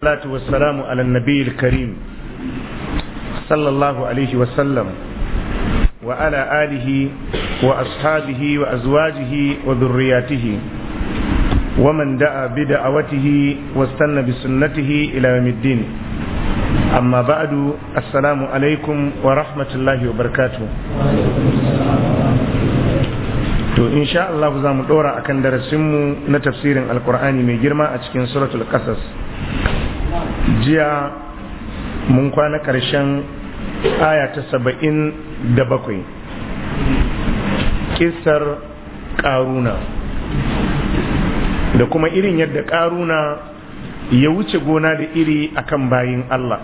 salatu wassalamu ala nabiyil karim sallallahu alaihi wasallam wa ala alihi wa ashabihi wa azwajihi wa dhurriyyatihi wa man da'a bi da'awatihi wa istanna bi sunnatihi ila yawmiddin amma ba'du assalamu alaikum wa rahmatullahi wa barakatuh to insha Allah za mu dora akan darasinmu na tafsirin alkur'ani mai girma a cikin suratul qasas jiya mun kwana karshen aya ta saba'in da bakwai kisar ƙaruna da kuma irin yadda ƙaruna ya wuce gona da iri akan bayin Allah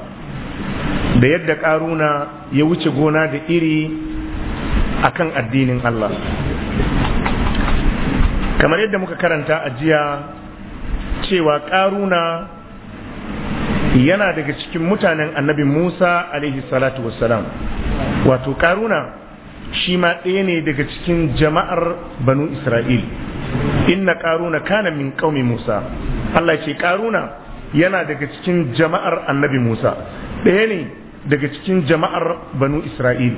da yadda ƙaruna ya wuce gona da iri akan addinin Allah kamar yadda muka karanta a jiya cewa ƙaruna yana daga cikin mutanen annabi Musa alaihi salatu wassalam wato karuna shi ma ɗaya ne daga cikin jama'ar banu Isra'il inna karuna kana min qaumi Musa Allah ce karuna yana daga cikin jama'ar annabi Musa ɗaya ne daga cikin jama'ar banu Isra'il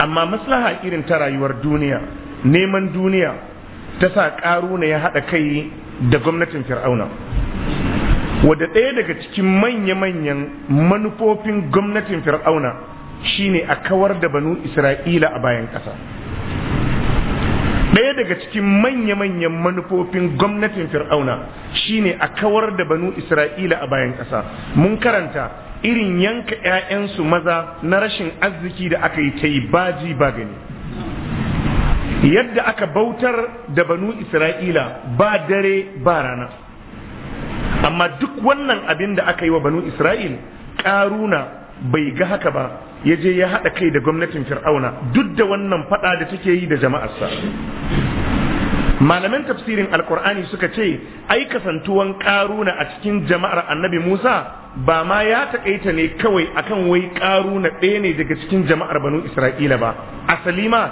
amma maslaha irin ta rayuwar duniya neman duniya ta sa karuna ya haɗa kai da gwamnatin fir'auna wadda ɗaya daga cikin manya-manyan manufofin gwamnatin fir'auna shine a kawar da banu isra'ila a bayan ƙasa ɗaya daga cikin manya-manyan manufofin gwamnatin fir'auna shine a kawar da banu isra'ila a bayan ƙasa mun karanta irin yanka 'ya'yansu maza na rashin arziki da aka yi ta yi baji ba gani yadda aka bautar da banu isra'ila ba dare ba rana amma duk wannan abin da aka yi wa banu isra'il karuna bai ga haka ba ya je ya haɗa kai da gwamnatin fir'auna duk da wannan faɗa da take yi da jama'arsa malaman tafsirin alkur'ani suka ce ai kasantuwan karuna a cikin jama'ar annabi musa ba ma ya taƙaita ne kawai akan wai karuna ɗaya ne daga cikin jama'ar banu isra'ila ba asali ma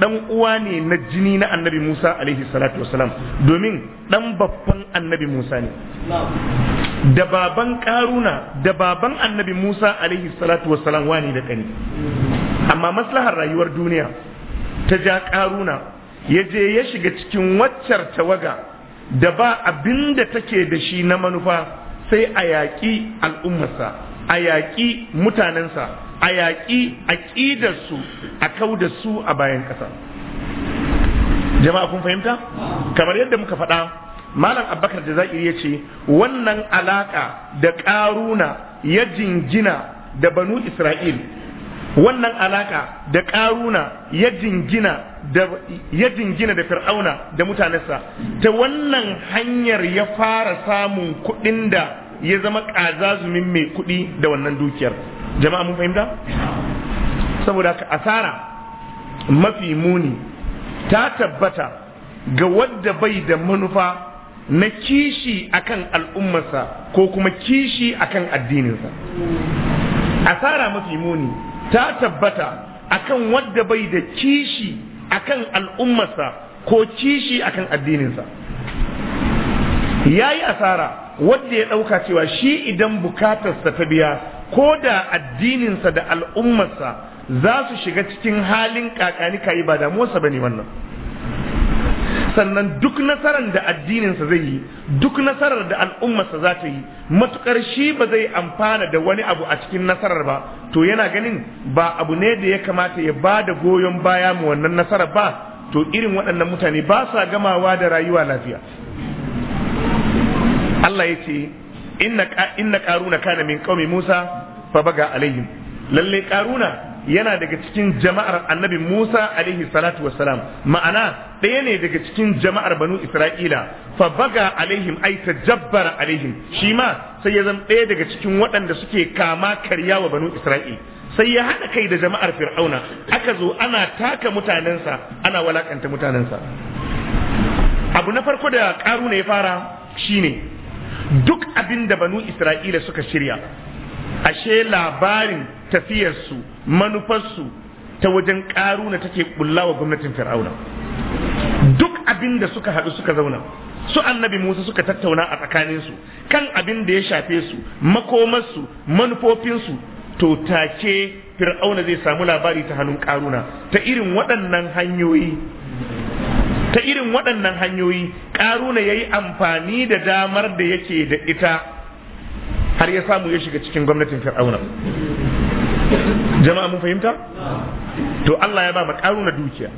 dan uwa ne na jini na annabi musa alaihi salatu wasalam domin dan babban annabi musa ne da baban karuna da baban annabi musa alaihi salatu wassalam wani da kani amma maslahar rayuwar duniya ta ja karuna ya je ya shiga cikin waccar tawaga da ba abin da take da shi na manufa sai a yaƙi al'ummarsa a yaƙi mutanensa a yaƙi aƙidarsu a kau da su a bayan ƙasa jama'a kun fahimta kamar yadda muka faɗa malam abubakar da za'iri ya ce wannan alaka da ƙaruna ya jingina da banu isra'il wannan alaka da ƙaruna ya jingina da ya jingina da fir'auna da mutanensa ta wannan hanyar ya fara samun kuɗin da ya zama ƙazazumin mai kuɗi da wannan dukiyar jama'a mun fahimta saboda ka asara mafi muni ta tabbata ga wadda bai da manufa na kishi akan al'ummarsa ko kuma kishi akan addininsa asara mafi muni ta tabbata akan wanda bai da kishi akan al'ummarsa ko kishi akan addininsa ya yi asara wanda ya ɗauka cewa shi idan bukatarsa ta biya ko da addininsa da al'ummarsa za su shiga cikin halin kakanika yi ba damuwarsa ba ne wannan sannan duk nasarar da addininsa zai yi duk nasarar da al'ummarsa za ta yi matukar shi ba zai amfana da wani abu a cikin nasarar ba to yana ganin ba abu ne da ya kamata ya ba da goyon baya mu wannan nasarar ba to irin waɗannan mutane ba sa gamawa da rayuwa lafiya Allah ya ce inna karuna kana min qaumi Musa fa baga alaihim lalle karuna yana daga cikin jama'ar annabi Musa alaihi salatu wassalam ma'ana ɗaya ne daga cikin jama'ar banu Isra'ila fa baga alaihim ai tajabbara alaihim shi ma sai ya zama ɗaya daga cikin waɗanda suke kama karya wa banu Isra'il sai ya haɗa kai da jama'ar Fir'auna aka zo ana taka mutanensa ana walakanta mutanensa abu na farko da ƙaruna ya fara shine duk abinda da banu Isra'ila suka shirya ashe labarin tafiyarsu manufarsu ta wajen karuna take bulla wa gwamnatin fir'auna duk abin da suka haɗu suka zauna su annabi musa suka tattauna a tsakaninsu kan abin da ya shafe su makomarsu manufofinsu to take fir'auna zai samu labari ta hannun karuna ta irin waɗannan hanyoyi ta irin waɗannan hanyoyi ƙaruna ya yi amfani da damar da yake da ita har ya samu ya shiga cikin gwamnatin fir'auna jama'a mun fahimta to Allah ya ba ma karuna dukiya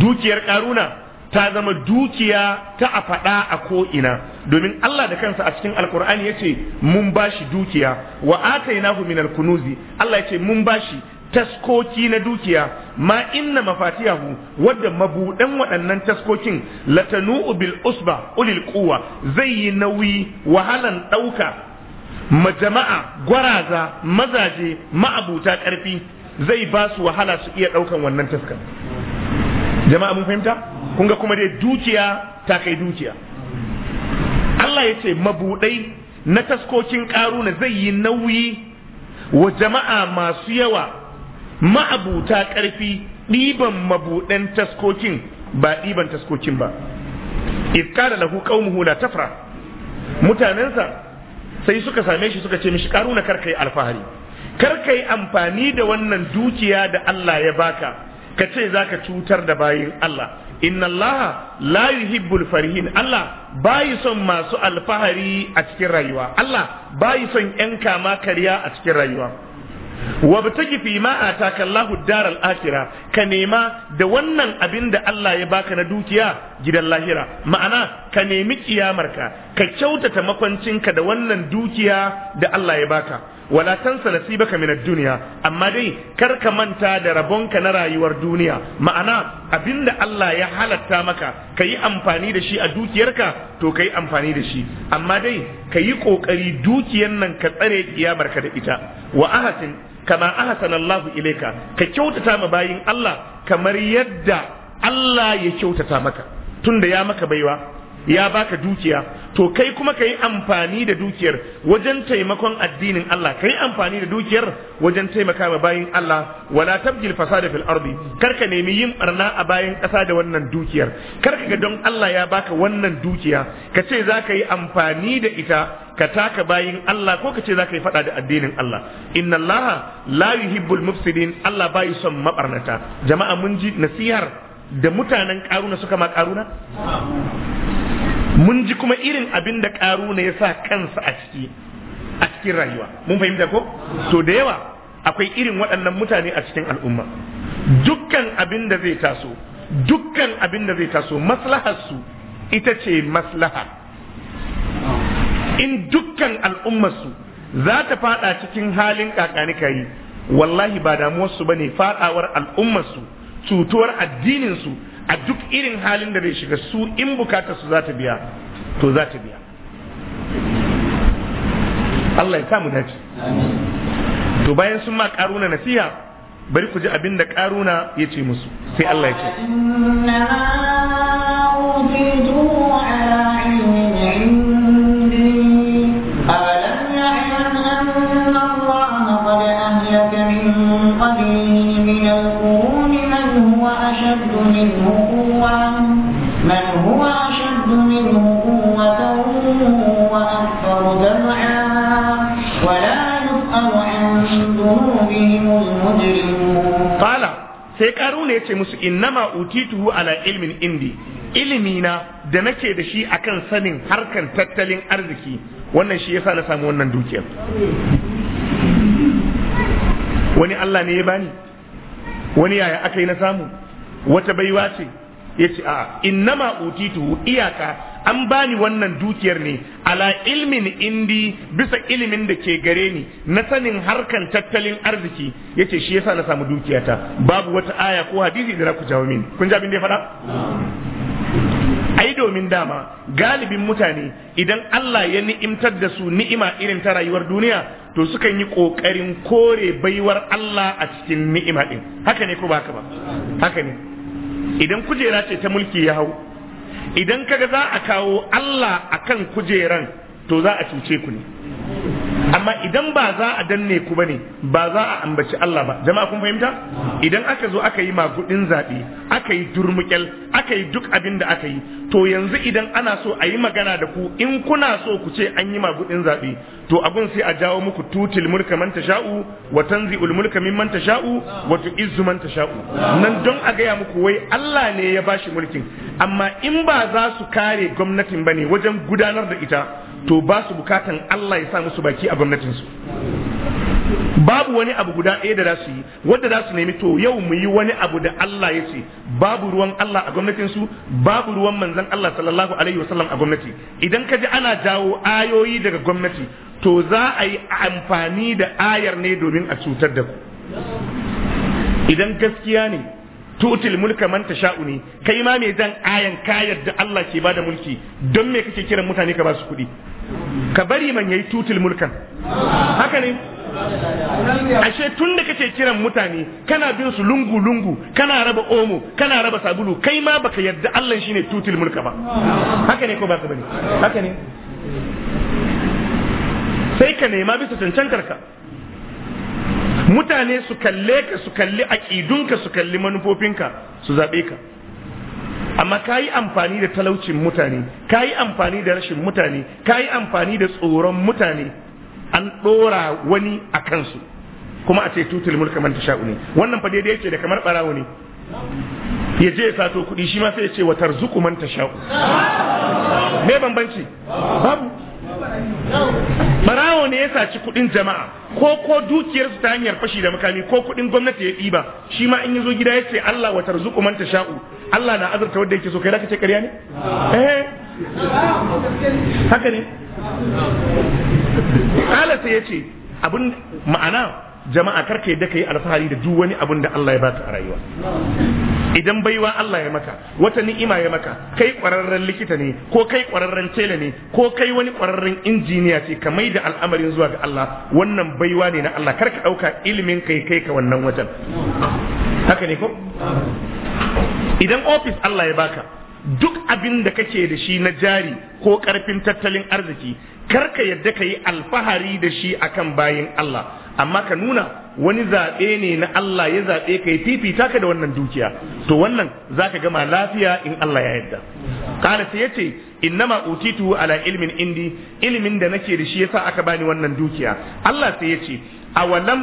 dukiyar karuna ta zama dukiya ta a faɗa a ko'ina domin Allah da kansa a cikin alkur'ani ya ce mun bashi dukiya wa atainahu min alkunuzi Allah ya ce mun bashi taskoki na dukiya ma inna mafatiyahu wadda mabuɗan waɗannan taskokin latanu'u bil usba ulil quwa zai yi nauyi wahalan ɗauka majama'a gwaraza mazaje ma'abuta ƙarfi zai ba su wahala su iya ɗaukan wannan taskar jama'a mun fahimta kun ga kuma dai dukiya ta kai dukiya Allah ya ce mabuɗai na taskokin ƙaruna zai yi nauyi wa jama'a masu yawa ma'abuta ƙarfi ɗiban mabuɗan taskokin ba ɗiban taskokin ba iskara lahu qaumuhu la tafra mutanensa sai suka same shi suka ce mishi karuna kar kai alfahari kar kai amfani da wannan dukiya da Allah ya baka ka ce zaka cutar da bayin Allah inna Allah la yuhibbul farihin Allah bayi son masu alfahari a cikin rayuwa Allah bayi son yan kama karya a cikin rayuwa wa bitaki fi ma ataka Allahu daral akhira ka nema da wannan abin da Allah ya baka na dukiya gidan lahira ma'ana ka nemi kiyamarka ka kyautata makwancinka da wannan dukiya da Allah ya baka wala tansa nasibaka min ad-dunya amma dai kar ka manta da rabonka na rayuwar duniya ma'ana abinda Allah ya halatta maka kayi amfani da shi a dukiyarka to kayi amfani da shi amma dai kayi kokari dukiyar nan ka tsare kiyamarka da ita wa ahasin kama ahsana Allahu ilayka ka kyautata ma bayin Allah kamar yadda Allah ya kyautata maka tunda ya maka baiwa ya baka dukiya to kai kuma ka amfani da dukiyar wajen taimakon addinin Allah ka amfani da dukiyar wajen taimaka ma bayin Allah wala tabjil fasada fil ardi kar ka nemi yin barna a bayan ƙasa da wannan dukiyar kar ka ga don Allah ya baka wannan dukiya kace ce za ka yi amfani da ita ka taka bayin Allah ko ka ce za ka yi faɗa da addinin Allah inna Allah la yuhibbul mufsidin Allah bai son mabarnata jama'a mun ji nasihar da mutanen karuna suka ma karuna mun ji kuma irin abin da ne ya sa kansa a ciki a cikin rayuwa mun fahimta ko to da yawa akwai irin waɗannan mutane a cikin al'umma dukkan abin da zai taso dukkan abin da zai taso maslaharsu ita ce maslaha in dukkan al'ummarsu za ta fada cikin halin kakani kayi wallahi ba damuwarsu ba ne fadawar al'ummarsu cutuwar addininsu a duk irin halin da zai shiga su in bukatar su za ta biya to za ta biya Allah ya samu dace to bayan sun ma karuna nasiha bari ku ji abin da karuna ya ce musu sai Allah ya ce منه قوة من هو أشد منه قوة وأكثر جمعا ولا يسأل عن ذنوبهم المجرمون قال sai karuna ya ce musu innama utituhu ala ilmin indi ilimina da nake da shi akan sanin harkan tattalin arziki wannan shi yasa na samu wannan dukiyar wani Allah ne ya bani wani yaya aka yi na samu wata baiwa ce ya ce a innama utitu iyaka an bani wannan dukiyar ne ala ilmin indi bisa ilimin da ke gare ni na sanin harkan tattalin arziki ya ce shi yasa na samu dukiyata babu wata aya ko hadisi da jawo mini kun ji abin da ya faɗa ai domin dama galibin mutane idan Allah ya ni'imtar da su ni'ima irin ta rayuwar duniya to sukan yi kokarin kore baiwar Allah a cikin ni'ima din haka ne ko ba haka ba haka ne idan kujera ce ta mulki ya hau idan kaga za a kawo Allah akan kujeran to za a cuce ku ne amma idan ba za a danne ku bane ba za a ambaci Allah ba jama'a kun fahimta idan aka zo aka yi magudin zabe aka yi durmukel aka yi duk abin da aka yi to yanzu idan ana so a yi magana da ku in kuna so ku ce an yi magudin zabe to abun sai a jawo muku tutil mulka man tasha'u wa tanzi'ul mulka mimman tasha'u wa tu'izzu man tasha'u nan don a gaya muku wai Allah ne ya bashi mulkin amma in ba za su kare gwamnatin bane wajen gudanar da ita to ba su bukatan Allah ya sa musu baki a gwamnatinsu babu wani abu guda ɗaya da za su yi wanda za su nemi to yau mu yi wani abu da Allah ya ce babu ruwan Allah a gwamnatinsu babu ruwan manzon Allah sallallahu alaihi wasallam a gwamnati idan ka ji ana jawo ayoyi daga gwamnati to za a yi amfani da ayar ne domin a cutar da ku idan gaskiya ne tutil mulka man sha'u ne kai ma me zan ayan kayar da Allah ke bada mulki don me kake kiran mutane ka ba su kuɗi ka bari man yayi tutul mulkan haka ne ashe tun da kace kiran mutane kana bin su lungu lungu kana raba omo kana raba sabulu kai ma baka yadda Allah shine tutul mulka ba haka ne ko ba ka bari haka ne sai ka nema bisa cancantar ka mutane su kalle ka su kalli aƙidunka su kalli manufofinka su zaɓe ka amma ka yi amfani da talaucin mutane ka yi amfani da rashin mutane ka yi amfani da tsoron mutane an ɗora wani a kansu kuma a ce tutul mulka man sha'u ne wannan fa daidai yake da kamar barawo ne ya je ya sato kuɗi shi ma sai ya ce wa tarzuku man tasha'u me bambanci babu barawo ne ya saci kudin jama'a ko ko dukiyar su ta hanyar fashi da makami ko kudin gwamnati ya ɗiba shi ma in yazo gida ya ce Allah wa tarzuqu man tasha'u Allah na azurta wanda yake so kai zaka ce ƙarya ne eh haka ne kala sai yace abun ma'ana jama'a karka yadda kai alfahari da duk wani abun da Allah ya baka a rayuwa idan baiwa Allah ya maka wata ni'ima ya maka kai kwararren likita ne ko kai kwararren tela ne ko kai wani kwararren injiniya ce ka mai da al'amarin zuwa ga Allah wannan baiwa ne na Allah ka ɗauka ilimin kai kai ka wannan watan, haka ne ko idan ofis Allah ya baka duk abin da kake da shi na jari ko karfin tattalin arziki karka yadda ka yi alfahari da shi akan bayin Allah amma ka nuna wani zaɓe ne na Allah ya zaɓe ka yi fifita ka da wannan dukiya to wannan za ka gama lafiya in Allah ya yadda kala sai yace innama utitu ala ilmin indi ilimin da nake da shi yasa aka bani wannan dukiya Allah sai yace awalam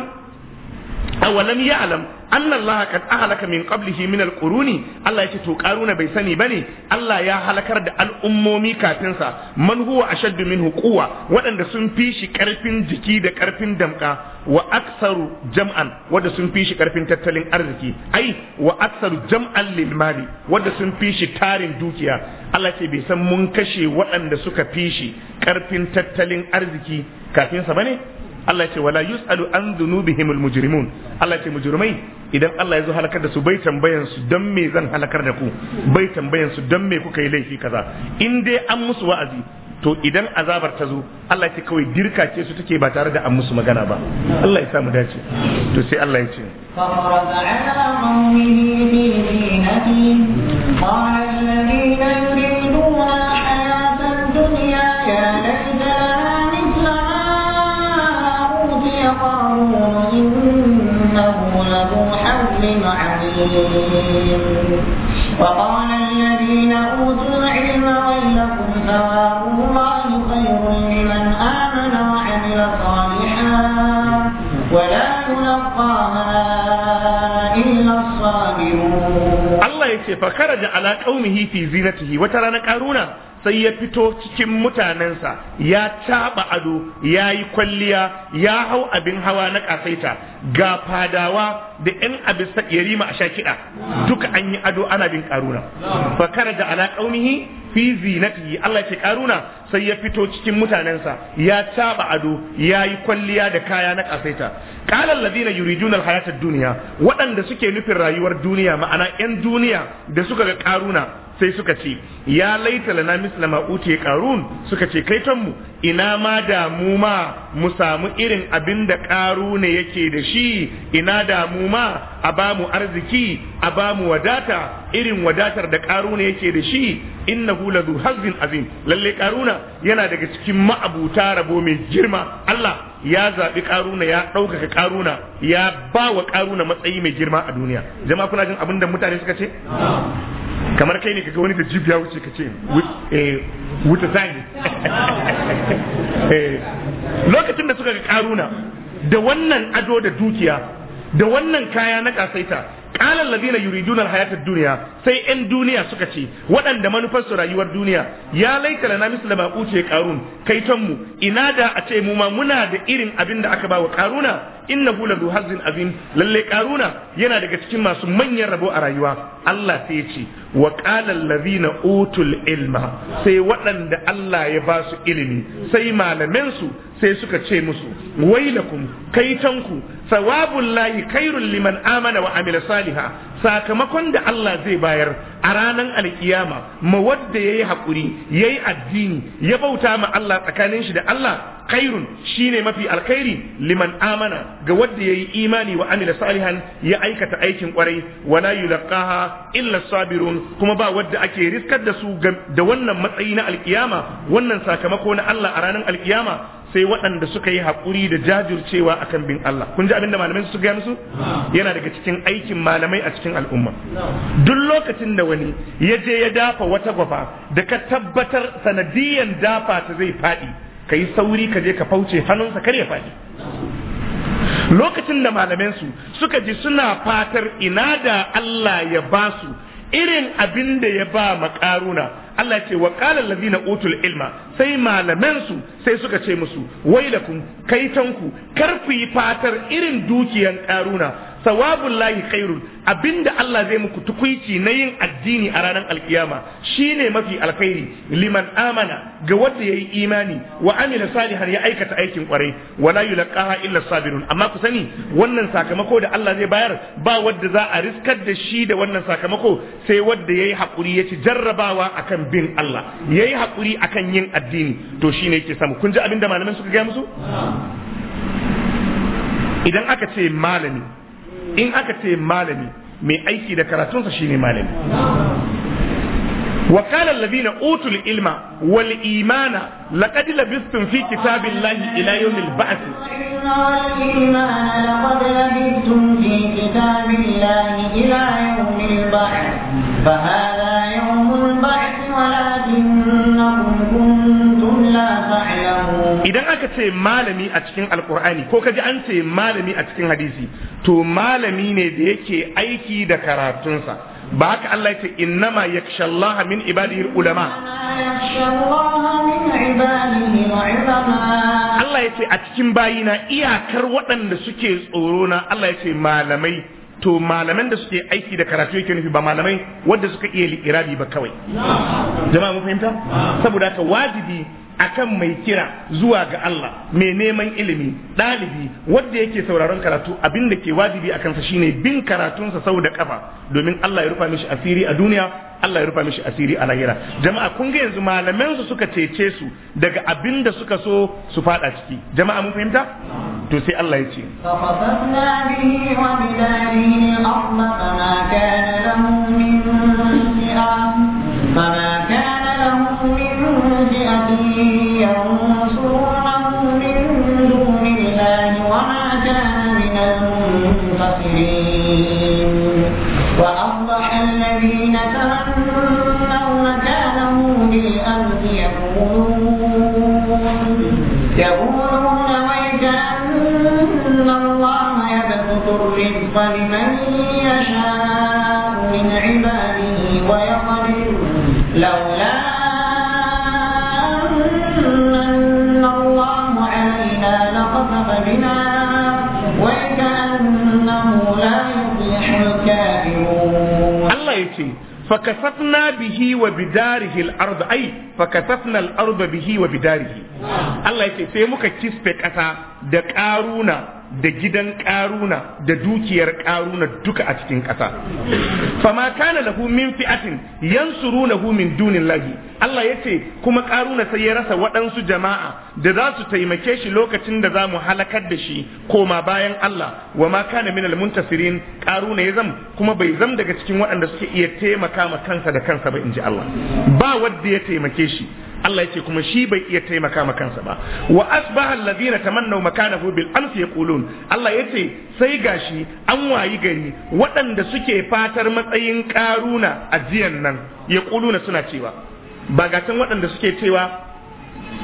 ma'ana wa ya'lam anna Allah kad ahlaka min qablihi min al-quruni Allah yace to karuna bai sani bane Allah ya halakar da al'ummomi kafin sa man huwa ashaddu minhu quwwa waɗanda sun fi shi karfin jiki da karfin damka wa jam'an wanda sun fi shi karfin tattalin arziki ai wa jam'an lil mali sun fi shi tarin dukiya Allah ce bai san mun kashe waɗanda suka fi shi karfin tattalin arziki kafin sa bane Allah ce wala yus'alu an dhunubihim mujrimun Allah ce mujrimai idan Allah ya zo halakar da su bai tambayan su dan me zan halakar da ku bai tambayan su dan me kuka yi laifi kaza in dai an musu wa'azi to idan azabar ta zo Allah ce kawai dirka ce su take ba tare da an musu magana ba Allah ya sa mu dace to sai Allah ya ce قال الذين يريدون وإنه لذو حظ عظيم وقال الذين أوتوا العلم ويلكم ثواب الله خير لمن آمن وعمل صالحا ولا يلقاها إلا الصابرون الله يكفي فخرج على قومه في زينته وترى قارون sai ya fito cikin mutanensa ya taɓa ado ya yi kwalliya ya hau abin hawa na ƙasaita ga fadawa da 'yan abin yarima a sha kiɗa duka an yi ado ana bin ƙaruna fakara da ala fizi fi zinatihi Allah ce ƙaruna sai ya fito cikin mutanensa ya taɓa ado ya yi kwalliya da kaya na ƙasaita qala alladhina yuriduna alhayata ad-dunya waɗanda suke nufin rayuwar duniya ma'ana 'yan duniya da suka ga ƙaruna sai suka ce ya laita lana misla ma utiye qarun suka ce kai mu ina ma da ma mu samu irin abin da qaruna yake da shi ina damu ma a ba mu arziki a ba mu wadata irin wadatar da qaruna yake da shi innahu ladu hazin azim lalle qaruna yana daga cikin ma'abuta rabo mai girma Allah ya zaɓi ƙaruna ya ɗaukaka ƙaruna ya ba wa ƙaruna matsayi mai girma a duniya jama'a kuna jin abin da mutane suka ce kamar kai ne kaga wani da jibiya wuce ka ce eh, wuta sani eh, lokacin da suka ga karuna da wannan ado da dukiya da wannan kaya na kasaita kalan ladina yuriduna hayatar duniya sai yan duniya suka ce waɗanda manufar su rayuwar duniya ya laita na misla da uce karun kai mu ina da a ce mu ma muna da irin abin da aka ba wa karuna qaruna innahu hula hazin abin. lalle ƙaruna yana daga cikin masu manyan rabo a rayuwa Allah sai ya ce wa qala allazina utul ilma sai waɗanda Allah ya ba su ilimi sai malaman sai suka ce musu wailakum kaitanku lahi khairul liman amana wa amila saliha sakamakon da Allah zai bayar a ranar alkiyama mawadda yayi hakuri yayi addini ya bauta ma Allah tsakanin shi da Allah khairun shine mafi alkhairi liman amana ga wanda yayi imani wa amila salihan ya aikata aikin kwarai wala yulqaha illa sabirun kuma ba wanda ake riskar da su da wannan matsayi na alkiyama wannan sakamako na Allah a ranar alkiyama sai waɗanda suka yi haƙuri da jajircewa a kan bin Allah kun ji abinda malamai su gaya musu yana daga cikin aikin malamai a cikin al'umma duk lokacin da wani ya je ya dafa wata gwafa da ka tabbatar sanadiyan dafa ta zai faɗi ka yi sauri ka je ka fauce hannunsa kar ya faɗi lokacin da malamansu suka ji suna fatar ina da Allah ya ba su irin abin da ya ba makaruna Allah ce wa lafiya na utul ilma sai malamansu sai suka ce musu wailakum kaitanku kar ku yi fatar irin dukiyan ƙaruna? sawabullahi khairun abinda Allah zai muku tukuici na yin addini a ranar alkiyama shine mafi alkhairi liman amana ga wanda yayi imani wa amila salihan ya aikata aikin kwarai wala yulqaha illa sabirun amma ku sani wannan sakamako da Allah zai bayar ba wanda za a riskar da shi da wannan sakamako sai wanda yayi hakuri ya ci jarrabawa akan bin Allah yayi hakuri akan yin addini to shine yake samu kun ji abinda malaman suka ga musu idan aka ce malami in aka ce malami mai aiki da karatunsa shine malami وقال الذين اوتوا العلم والايمان لقد لبثتم في كتاب الله الى يوم البعث لقد لبثتم في كتاب الله الى يوم البعث فهذا يوم البعث ولكنكم كنتم idan aka ce malami a cikin alkur'ani ko kaji an ce malami a cikin hadisi to malami ne da yake aiki da karatunsa ba haka Allah ya ce innama yakshallaha min ibadihi ulama Allah ya ce a cikin bayina iyakar waɗanda suke tsoro na Allah ya ce malamai to malaman da suke aiki da karatu yake nufi ba malamai wadda suka iya li'irabi ba kawai jama'a mun fahimta saboda ka wajibi akan mai kira zuwa ga Allah mai neman ilimi ɗalibi wanda yake sauraron karatu abin da ke wajibi a kansa shine bin karatunsa sau da kafa domin Allah ya rufa mishi asiri a duniya Allah ya rufa mishi asiri a lahira jama'a kun ga yanzu malaman su suka cece su daga abin da suka so su fada ciki jama'a mun fahimta to sai Allah ya ce فما فئة ينصرونه من دون الله وما كان من المنتصرين وأصبح الذين تمنوا مكانه بالأمس يقولون يقولون ويك الله يبسط الرزق لمن يشاء من عباده ويقدر لولا yace fakasafna bihi wa bidarihi al ai fakasafna al-ard bihi wa bidarihi Allah yace sai muka kisfe kasa da karuna da gidan ƙaruna da dukiyar ƙaruna duka a cikin ƙasa fama kana lahu min fi'atin yansurunahu min lahi. Allah ya ce kuma ƙaruna sai ya rasa waɗansu jama'a da za su taimake shi lokacin da za mu halakar da shi koma bayan Allah wa ma kana minal muntasirin ƙaruna ya zam kuma bai zam daga cikin waɗanda suke iya taimaka ma kansa da kansa ba inji Allah ba wanda ya taimake shi Allah ya ce kuma shi bai iya taimaka ma kansa ba wa asbaha alladhina tamannaw makanahu bil amsi yaqulun Allah ya ce sai gashi an wayi gari waɗanda suke fatar matsayin karuna a jiyan nan yaquluna suna cewa ba gatan waɗanda suke cewa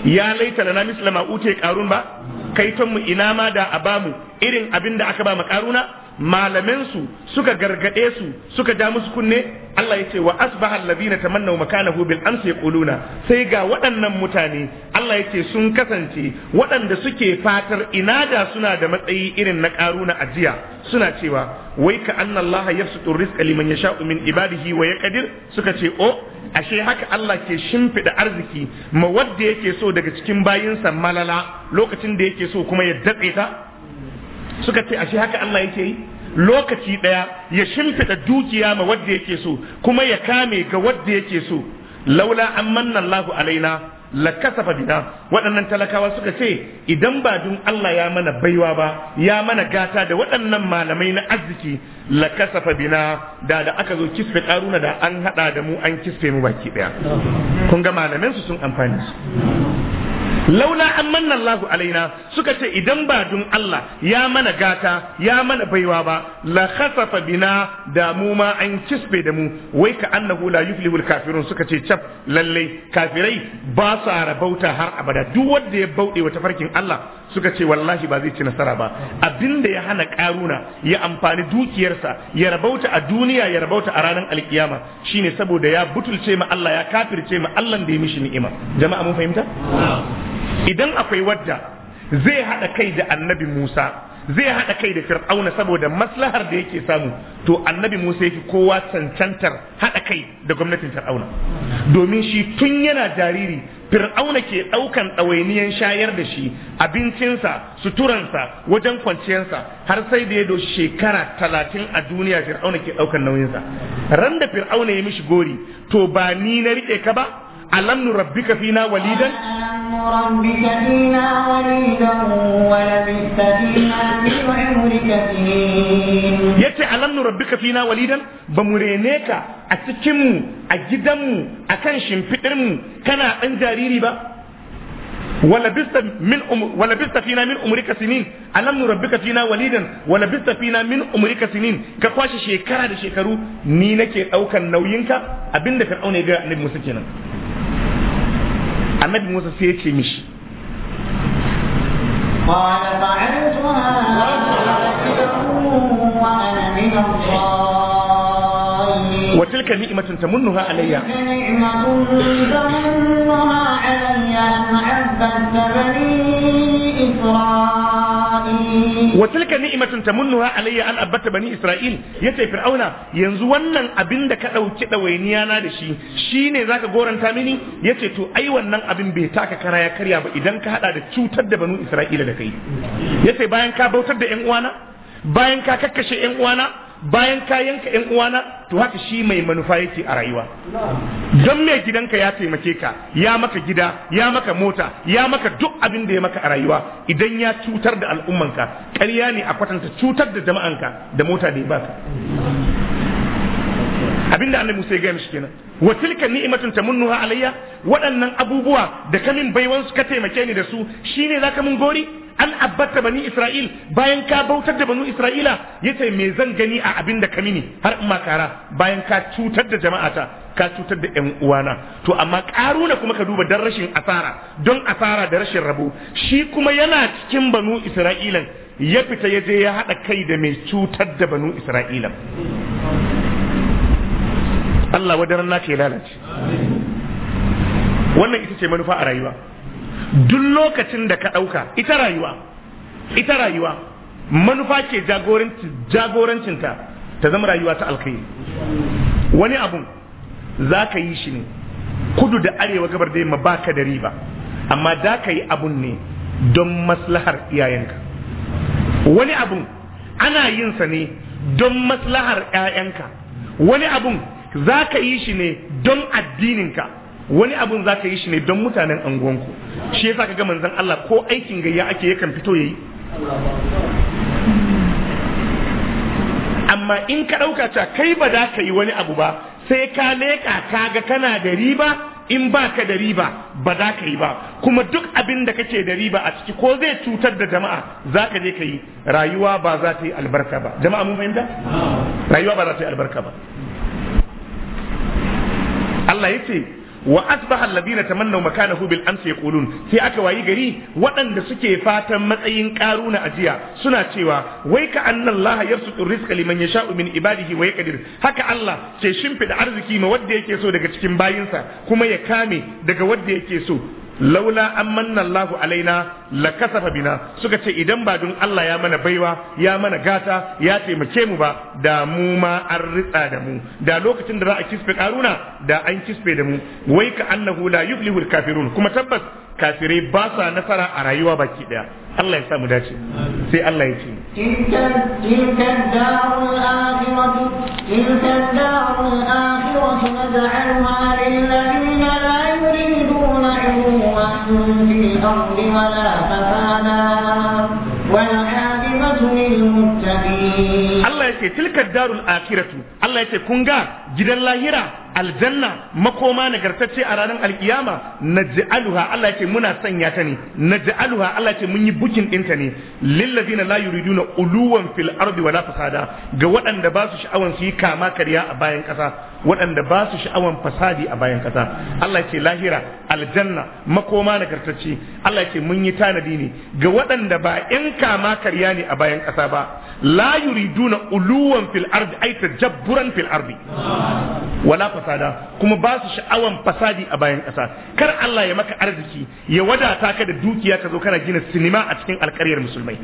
ya laita lana mislama ute karun ba kai mu ina ma da abamu irin abin da aka ba mu karuna malamansu suka gargade su suka ja musu kunne Allah ya ce wa asbaha alladhina tamannaw makanahu bil ya yaquluna sai ga waɗannan mutane Allah ya ce sun kasance waɗanda suke fatar ina da suna da matsayi irin na karuna ajiya suna cewa wai ka anna Allah yafsutu rizqa liman yasha'u min ibadihi wa yaqdir suka ce o oh, ashe haka Allah ke shimfida arziki ma wanda yake so daga cikin bayinsa malala lokacin da yake so kuma ya datse ta suka ce ashe haka Allah yake yi lokaci ɗaya ya shimfida dukiya ma wadda yake so kuma ya kame ga wadda yake so laula an manna Allahu alaina la kasafa bina waɗannan talakawa suka ce idan ba dun Allah ya mana baiwa ba ya mana gata da waɗannan malamai na arziki la kasafa bina da da aka zo kisfe karuna da an hada da mu an kisfe mu baki daya kun ga malamin su sun amfani su laula an manna Allahu alaina suka ce idan ba dun Allah ya mana gata ya mana baiwa ba la khasafa bina da mu ma an kisbe da mu wai ka annahu la yuflihul kafirun suka ce cap lalle kafirai ba sa rabauta har abada duk wanda ya bauɗe wa tafarkin Allah suka ce wallahi ba zai ci nasara ba abinda ya hana karuna ya amfani dukiyarsa ya rabauta a duniya ya rabauta a ranar alkiyama shine saboda ya butulce ma Allah ya kafirce ma Allah da ya mishi ni'ima jama'a mun fahimta idan akwai wadda zai haɗa kai da annabi Musa zai haɗa kai da fir'auna saboda maslahar da yake samu to annabi musa yake kowa cancantar haɗa kai da gwamnatin fir'auna domin shi tun yana jariri fir'auna ke ɗaukan ɗawainiyan shayar da shi abincinsa suturansa wajen kwanciyarsa har sai da ya doshi shekara talatin a duniya fir'auna ke ɗaukan nauyinsa ran da fir'auna ya mishi gori to ba ni na riƙe ka ba alam nu rabbi ka walidan ya ce rabbi ka walidan ba mu rene ka a cikinmu a gidanmu a kan shimfiɗinmu kana ɗan jariri ba ولبست فينا من عمرك سنين ألم نربك فينا وليدا ولبست فينا من عمرك سنين كقاش شيكارا دي شيكارو نينك أو كان نوينك أبندك أو نيجا نبمسكينا annabi musa sai mishi قال wa tilka ni'matun tamunnuha alayya wa tilka ni'matun tamunnuha alayya an abatta bani isra'il yace fir'auna yanzu wannan abin da ka dauki dawainiya na da shi shine zaka goranta mini yace to ai wannan abin bai taka kara ya karya ba idan ka hada da cutar da banu isra'ila da kai yace bayan ka bautar da yan uwana bayan ka kakkashe yan uwana bayan ka yanka yan uwana to haka shi mai manufa yake a rayuwa don mai gidanka ya taimake ka ya maka gida ya maka mota ya maka duk abin da ya maka a rayuwa idan ya cutar da al'ummanka ƙarya ne a kwatanta cutar da jama'anka da mota da ya baka abin da annabi Musa ya gaya kenan wa tilka ni'matun tamunnuha alayya waɗannan abubuwa da kamin su ka taimake ni da su shine zaka mun gori an abbata bani isra'il bayan ka bautar da banu isra'ila yace me zan gani a abin da ka mini har in ma kara bayan ka cutar da jama'ata ka cutar da ƴan uwana to amma karuna kuma ka duba dan rashin asara don asara da rashin rabo shi kuma yana cikin banu isra'ilan ya fita ya je ya haɗa kai da mai cutar da banu isra'ilan Allah wadaran naka ya lalace wannan ita ce manufa a rayuwa duk lokacin da ka ɗauka ita rayuwa ita rayuwa manufa ke jagorancinta ta zama rayuwa ta alkai wani abun za ka yi shi ne kudu da arewa gabar da yamma baka da riba amma da ka yi abun ne don maslahar iyayenka wani abun ana yin sa ne don maslahar 'ya'yanka wani abun za ka yi shi ne don addininka wani abun za ka yi shi ne don mutanen anguwanku shi yasa ga manzon Allah ko aikin gayya ake yakan fito yayi amma in ka ɗauka ta kai ba za ka yi wani abu ba sai ka leƙa ga kana da riba in ba ka da riba ba za ka yi ba kuma duk abin da kake da riba a ciki ko zai cutar da jama'a za ka je ka yi rayuwa ba za ta yi albarka ba jama'a mun fahimta rayuwa ba za ta yi albarka ba Allah ya ce wa asbaha alladhina tamannaw makanahu bil amsi yaqulun sai aka wayi gari waɗanda suke fatan matsayin karuna ajiya suna cewa wai ka annallaha yarsutu rizqa liman yasha'u min ibadihi wa yaqdir haka Allah ke shimfida arziki ma wanda yake so daga cikin bayinsa kuma ya kame daga wanda yake so laula an manna Allah alaina la kasafa bina suka ce idan ba don Allah ya mana baiwa ya mana gata ya taimake mu ba da mu ma an ritsa da mu da lokacin da za a kisfe karuna da an kisfe da mu wai ka annahu la yuflihu kafirun kuma tabbas kafirai ba sa nasara a rayuwa baki daya Allah ya sa mu dace sai Allah ya ce tilka darul akhiratu tilka darul akhiratu naj'alha lil في الأرض ولا فسادا والعاقبة للمتقين الله يتي تلك الدار الآخرة الله يتي gidan lahira aljanna makoma nagartacce a ranar alkiyama naj'aluha Allah ce muna sanya ta ne Na naj'aluha Allah ce mun yi bukin ɗinta ne lillazina la yuriduna uluwan fil ardi wala fasada ga waɗanda ba su sha'awan su yi kama karya a bayan ƙasa waɗanda ba su sha'awan fasadi a bayan ƙasa Allah ce lahira aljanna makoma nagartacce Allah ce mun yi tanadi ne ga waɗanda ba in kama karya ne a bayan ƙasa ba la yuriduna uluwan fil ardi ay tajabburan fil ardi wala fasada kuma ba su sha'awan fasadi a bayan ƙasa kar Allah ya maka arziki ya wadata ka da dukiya ka zo kana gina sinima a cikin alƙaryar musulmai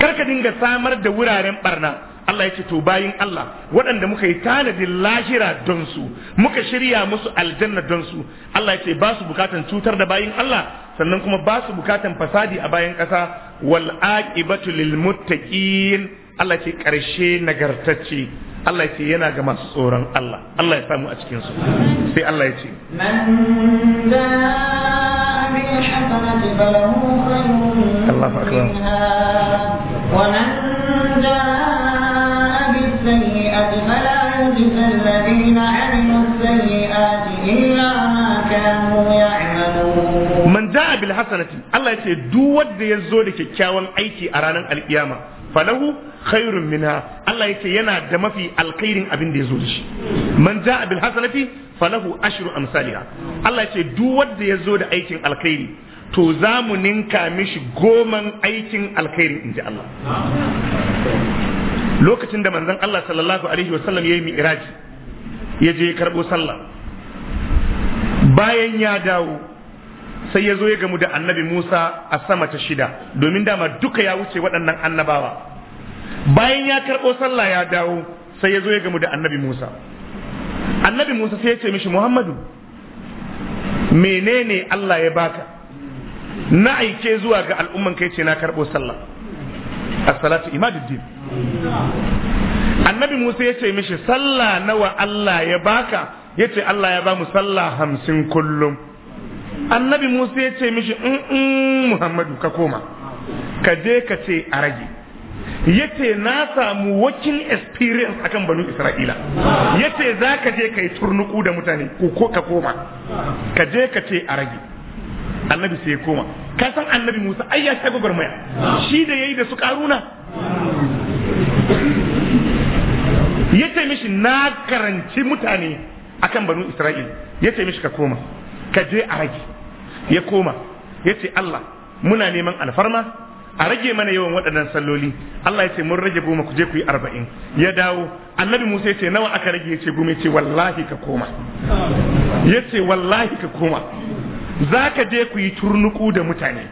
kar ka dinga samar da wuraren barna Allah ya ce to bayin Allah waɗanda muka yi tanadin lahira don su muka shirya musu aljanna don su Allah ya ce ba su bukatan cutar da bayin Allah sannan kuma ba su bukatan fasadi a bayan ƙasa wal aqibatu lil muttaqin Allah ce ƙarshe nagartacce Allah ya ce yana ga masu tsoron Allah Allah ya samu a cikin su sai Allah ya ce Allah fa kuma wa man jaa bi sayyi'ati fala yujza alladhina 'amilu sayyi'ati illa ma kanu ya'malun man jaa bil hasanati Allah ya ce duk wanda ya zo da kyakkyawan aiki a ranar alkiyama falahu khairun minha Allah yace yana da mafi alkhairin abin da ya zo da shi man jaa bil hasanati falahu ashru amsalha Allah yace duk wanda ya zo da aikin alkhairi to za mu ninka mishi goman aikin alkhairi in ji Allah lokacin da manzon Allah sallallahu alaihi wasallam ya yi mi'raji ya je ya karbo sallah bayan ya dawo sai ya zo ya gamu da annabi Musa a sama ta shida domin dama duka ya wuce waɗannan annabawa bayan ya karɓo sallah ya dawo sai ya zo ya gamu da annabi Musa annabi Musa sai ya ce mishi Muhammadu menene Allah ya baka na aike zuwa ga al'umman kai ce na karɓo sallah as-salatu imaduddin annabi Musa ya ce mishi sallah nawa Allah ya baka yace Allah ya ba mu sallah hamsin kullum annabi musa ya ce mishi mm, mm, muhammadu ka koma ka je ka ce a rage ya ce na samu working experience akan banu isra'ila ya ce za ka je ka yi turnuku da mutane ko ka koma ka je ka ce a rage annabi sai ya koma ka san annabi musa ai ya shago gwagwarmaya shi da ya yi da su karuna ya ce mishi na karanci mutane akan banu isra'ila ya ce mishi ka koma ka je a rage ya koma ya ce Allah muna neman alfarma a rage mana yawan waɗannan salloli Allah ya ce mun rage goma ku je ku yi arba'in ya dawo annabi Musa ya ce nawa aka rage ya ce goma ya ce wallahi ka koma ya ce wallahi ka koma za ka je ku yi turnuku da mutane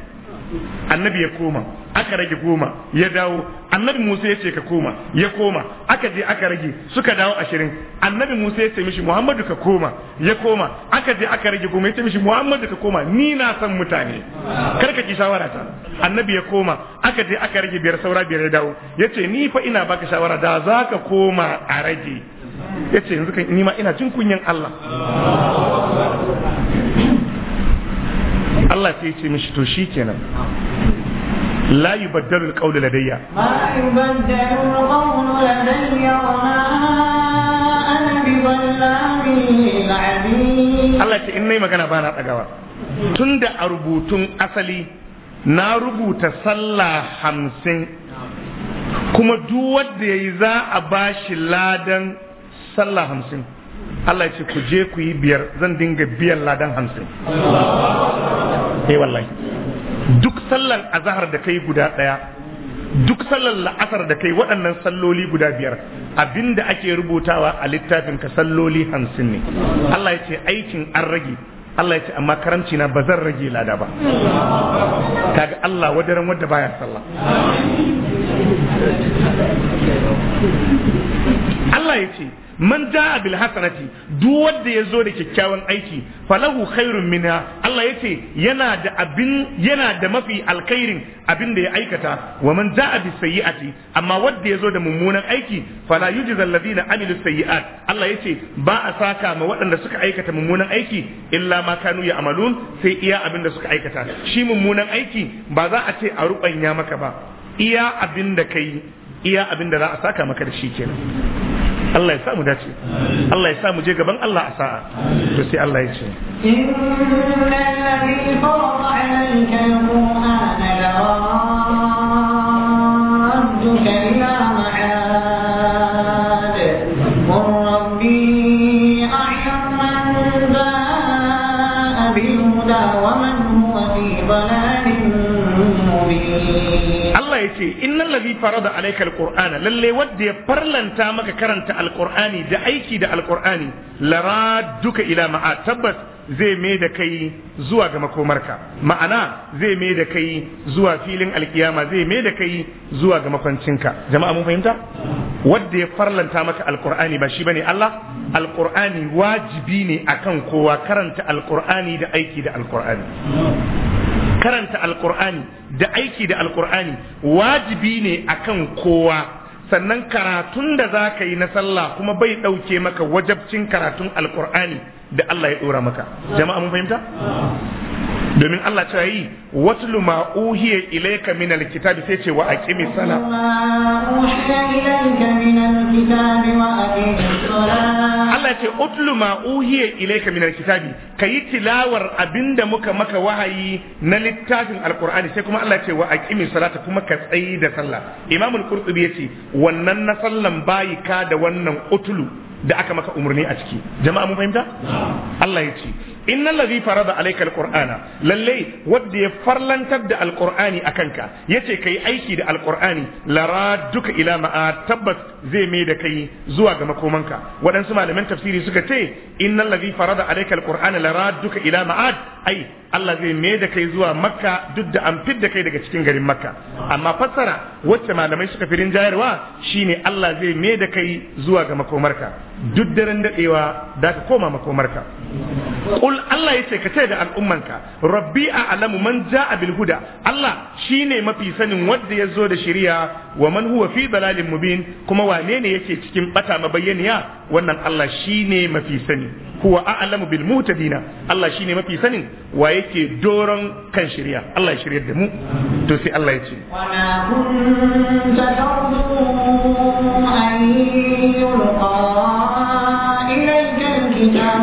annabi ya koma aka rage goma ya dawo annabi musa ya ce ka koma ya koma aka je aka rage suka dawo ashirin annabi musa ya ce mishi muhammadu ka koma ya koma aka je aka rage goma ya ce mishi muhammadu ka koma ni na san mutane kar ka ki shawara ta annabi ya koma aka je aka rage biyar saura biyar ya dawo ya ce ni fa ina baka shawara da za ka koma a rage ya ce yanzu kan ni ma ina jin kunyan Allah Allah sai ya ce mishi to shi kenan لا يبدل القول لدي ما يبدل القول لدي وما أنا بظلام للعبيد الله يقول إني مكان بانا أقوى تند أربوتم أصلي na rubuta sallah hamsin kuma duk wanda ya yi za a ba shi ladan sallah hamsin Allah ya ce ku je ku yi biyar zan dinga biyan ladan hamsin eh wallahi duk sallan azahar da kai guda ɗaya duk sallan la'asar da kai waɗannan salloli guda biyar abinda ake rubutawa a littafin ka salloli hamsin ne Allah ya ce aikin an rage Allah ya ce amma karanci na ba zan rage lada ba ga Allah wadaran wadda baya sallah Allah ya ce man jaa bil hasanati duk wanda ya zo da kyakkyawan aiki falahu khairun minna, Allah ya ce yana da abin yana da mafi alkhairin abin da ya aikata wa man jaa bis sayyi'ati amma wanda ya zo da mummunan aiki fala yujza na amilu sayyi'at Allah ya ce ba a saka ma waɗanda suka aikata mummunan aiki illa ma kanu ya amalun sai iya abin da suka aikata shi mummunan aiki ba za a ce a ruɓanya maka ba iya abin da kai iya abin da za a saka maka da shi kenan Allah ya samu dace Allah ya samu je gaban Allah a sa'a to sai Allah ya ce innal ladhi alayka Allah ya ce innal ladhi farada alayka alqur'ana lalle wanda ya farlanta maka karanta alqur'ani da aiki da alqur'ani laradduka ila ma'a tabbas zai mai da kai zuwa ga makomarka ma'ana zai mai da kai zuwa filin alkiyama zai mai da kai zuwa ga makwancinka jama'a mun fahimta wanda ya farlanta maka alqur'ani ba shi bane Allah alqur'ani wajibi ne akan kowa karanta alqur'ani da aiki da alqur'ani karanta alkur'ani da aiki da alkur'ani wajibi ne akan kowa sannan karatun da za ka yi na sallah kuma bai ɗauke maka wajabcin karatun alkur'ani da Allah ya dora maka jama'a mun fahimta domin Allah ta yi watlu ma uhiya ilayka min alkitabi sai ce wa aqimi sala Allah ce utlu ma uhiya ilayka min alkitabi kayi tilawar abinda muka maka wahayi na littafin alqur'ani sai kuma Allah ce wa aqimi salata kuma ka tsayi da sallah imamul qurtubi yace wannan na sallan bayi ka da wannan utlu da aka maka umarni a ciki jama'a mun fahimta Allah ya ce innal ladhi da alayka qur'ana lalle wanda ya farlantar da alqur'ani akanka yace kai aiki da alqur'ani duka ila ma'a tabbas zai mai da kai zuwa ga makomanka waɗansu malaman tafsiri suka ce innal da farada qur'ana lara duka ila ma'ad ai Allah zai mai da kai zuwa makka duk da an fidda kai daga cikin garin makka amma fassara wacce malamai suka fi rinjayarwa shine Allah zai mai da kai zuwa ga makomarka duk daren dadewa da ka koma makomarka qul Allah ya ce ka ce da al'ummanka rabbi a alamu man ja'a bil huda Allah shine mafi sanin wanda ya zo da shirya wa man huwa fi dalalin mubin kuma wane ne yake cikin bata mabayyaniya wannan Allah ne mafi sani huwa a'lamu bil muhtadina Allah shine mafi sanin wa yake doron kan shirya Allah ya damu. da mu to sai Allah ya ce wa ma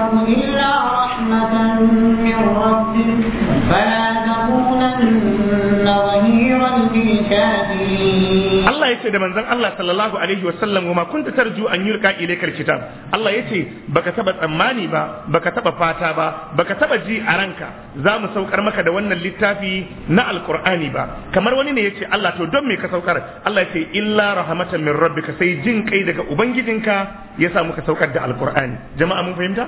kunta Allah ya ce da manzon Allah sallallahu alaihi wasallam wa ma kunta tarju an yulka ilaikal kitab Allah ya ce baka taba tsammani ba baka taɓa fata ba baka taɓa ji a ranka za mu saukar maka da wannan littafi na alqur'ani ba kamar wani ne yace Allah to don me ka saukar Allah ya ce illa rahmata min ka sai jin kai daga ka ubangijinka yasa muka saukar da alqur'ani jama'a mun fahimta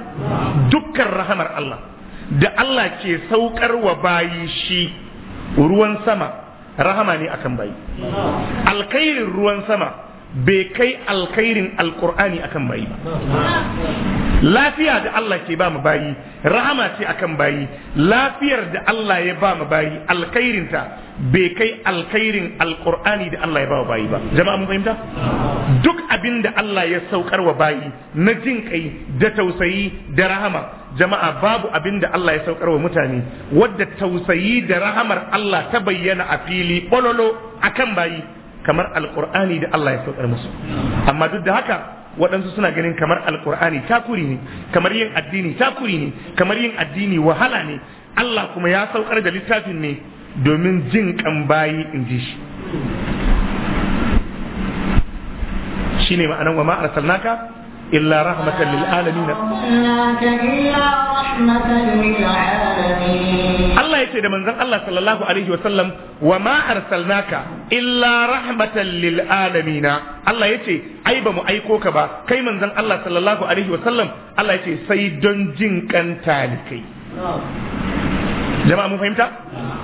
dukkan rahamar Allah da Allah ke saukar wa bayi shi ruwan sama rahama ne akan bayi alkhairin ruwan sama bai kai alkhairin alkur'ani akan bayi lafiya da Allah ke ba mu bayi rahama ce akan bayi lafiyar da Allah ya ba mu bayi alkhairinta bai kai alkhairin alkur'ani da Allah ya ba bayi ba jama'a mun fahimta duk abin da Allah ya saukar wa bayi na jin kai da tausayi da rahama jama'a babu abin da Allah ya saukar wa mutane wadda tausayi da rahamar Allah ta bayyana a fili bololo akan bayi kamar alkur'ani da Allah ya saukar musu amma duk da haka waɗansu suna ganin kamar alkur'ani takuri ne kamar yin addini takuri ne kamar yin addini wahala ne Allah kuma ya saukar da littafin ne domin jin kan bayi in ji shi shine ma'anar wa ma إلا رحمة للعالمين الله يتي من ذن الله صلى الله عليه وسلم وما أرسلناك إلا رحمة للعالمين الله يتي أي بم أي كوكبا كي من ذن الله صلى الله عليه وسلم الله يتي سيدون جن كان تالكي جماعة مفهمتا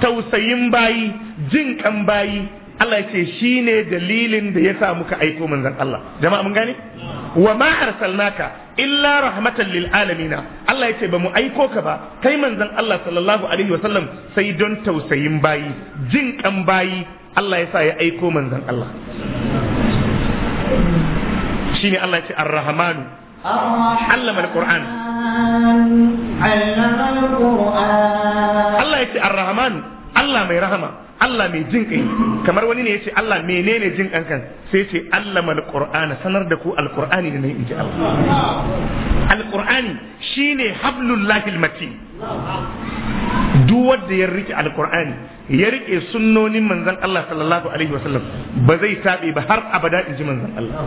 توسيم باي جن كان باي Allah ya ce shi ne dalilin da ya sa muka aiko manzan Allah jama'a mun gane wa ma arsalnaka illa rahmatan lil alamina Allah ya ce ba mu aiko ka ba kai manzan Allah sallallahu alaihi wa sallam sai don tausayin bayi jin kan bayi Allah ya sa ya aiko manzan Allah ne Allah ya ce ar-rahmanu allama al-qur'an Allah ya ce ar-rahmanu Allah mai rahama Allah mai jin kai kamar wani ne yace Allah menene jin kan sai sai yace Allah mal qur'ana sanar da ku alqur'ani ne in ji Allah alqur'ani shine hablullahi almati duk wanda ya rike alqur'ani ya rike sunnonin manzon Allah sallallahu alaihi wasallam ba zai tabe ba har abada in ji manzon Allah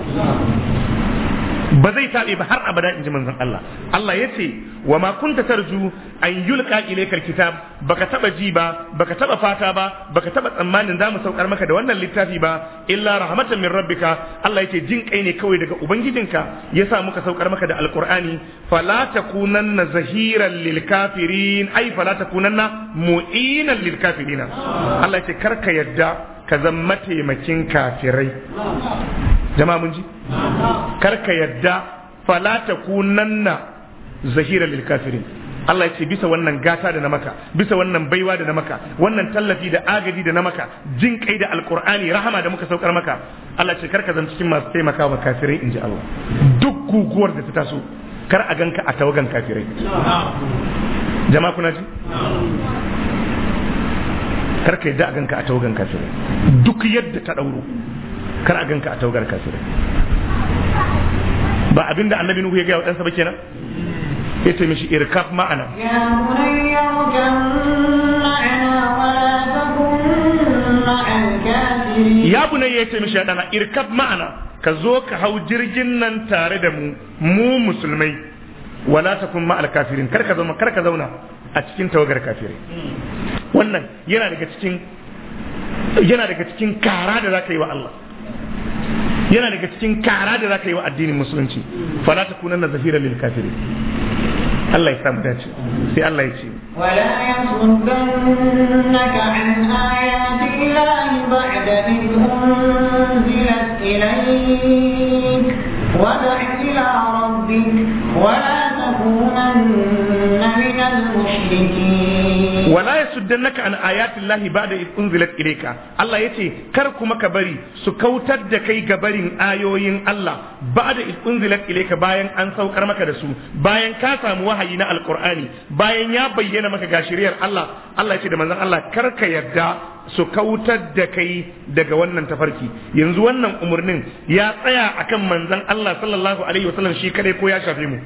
ba zai taɓe ba har abada inji manzon Allah Allah yace wa ma kunta tarju an yulqa ilaykal kitab baka taba ji ba baka taba fata ba baka taba tsammanin zamu saukar maka da wannan littafi ba illa rahmatan min rabbika Allah yace jin kai ne kawai daga ubangijinka yasa muka saukar maka da alqur'ani fala takunanna zahiran lil kafirin ay fala takunanna mu'inan lil kafirin Allah kar karka yadda ka zan mataimakin kafirai jama'a mun ji karka yadda fala takunanna zahira lil kafirin Allah ya ce bisa wannan gata da na maka bisa wannan baiwa da na maka wannan tallafi da agadi da na maka jin kai da alkur'ani rahama da muka saukar maka Allah ce karka zan cikin masu taimaka wa kafirai inji Allah duk guguwar da ta taso kar a ganka a tawagan kafirai jama'a kuna ji kar ka yadda a ganka a taugan kafirai duk yadda ta ɗauro kar a ganka a taugar kafirai ba abin da annabi nuhu ya gaya wa ɗansa ba kenan ya ce mishi irkaf ma'ana ya bu ya ce mishi ya ɗana irkaf ma'ana ka zo ka hau jirgin nan tare da mu mu musulmai wala ta kuma ma'al kafirin kar ka zauna a cikin tawagar kafirin wannan yana daga cikin yana daga cikin kara da zaka yi wa Allah yana daga cikin kara da zaka yi wa addinin musulunci fala takunanna zahira lil kafirin Allah ya samu dace sai Allah ya ce ولا يصدنك عن آيات الله بعد إذ أنزلت إليك ودع إلى ربك ولا تكونن من المشركين ولا yasuddannaka an ayatillahi ba'da id unzilat ilayka Allah yace kar kuma ka bari su kautar da kai ga barin ayoyin Allah ba'da id unzilat ilayka bayan an saukar maka da su bayan ka samu wahayi na alqur'ani bayan ya bayyana maka ga shiriyar Allah Allah ce da manzon Allah kar ka yarda su kautar da kai daga wannan tafarki yanzu wannan umarnin ya tsaya akan manzon Allah sallallahu alaihi wasallam shi kadai ko ya shafe mu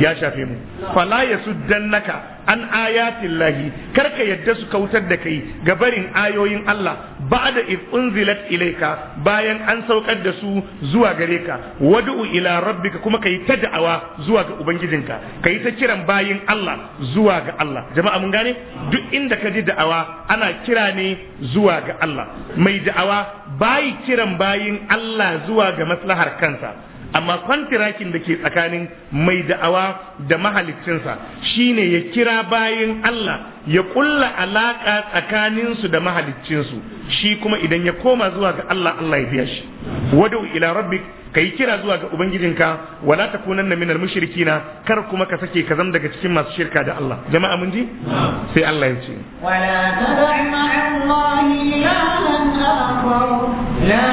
ya shafe mu fala yasuddannaka an ayatin lahi karka yadda su kautar da kai ga barin ayoyin Allah ba da unzilat ilayka bayan an saukar da su zuwa gare ka wad'u ila rabbika kuma kai ta da'awa zuwa ga ubangijinka kai ta kiran bayin Allah zuwa ga Allah jama'a mun gane duk inda ka ji da'awa ana kira ne zuwa ga Allah mai da'awa bayi kiran bayin Allah zuwa ga maslahar kansa amma kwantirakin da ke tsakanin mai da'awa da mahaliccinsa ne ya kira bayan Allah ya kulla alaƙa tsakaninsu da mahaliccinsu shi kuma idan ya koma zuwa ga Allah Allah ya biya shi Wadau ila rabbik yi kira zuwa ga ubangijinka wala ta na minar mushrikina kar kuma ka sake ka zama daga cikin masu shirka da Allah jama'a mun ji sai Allah ya ce wala tad'u ma'allahi ilahan la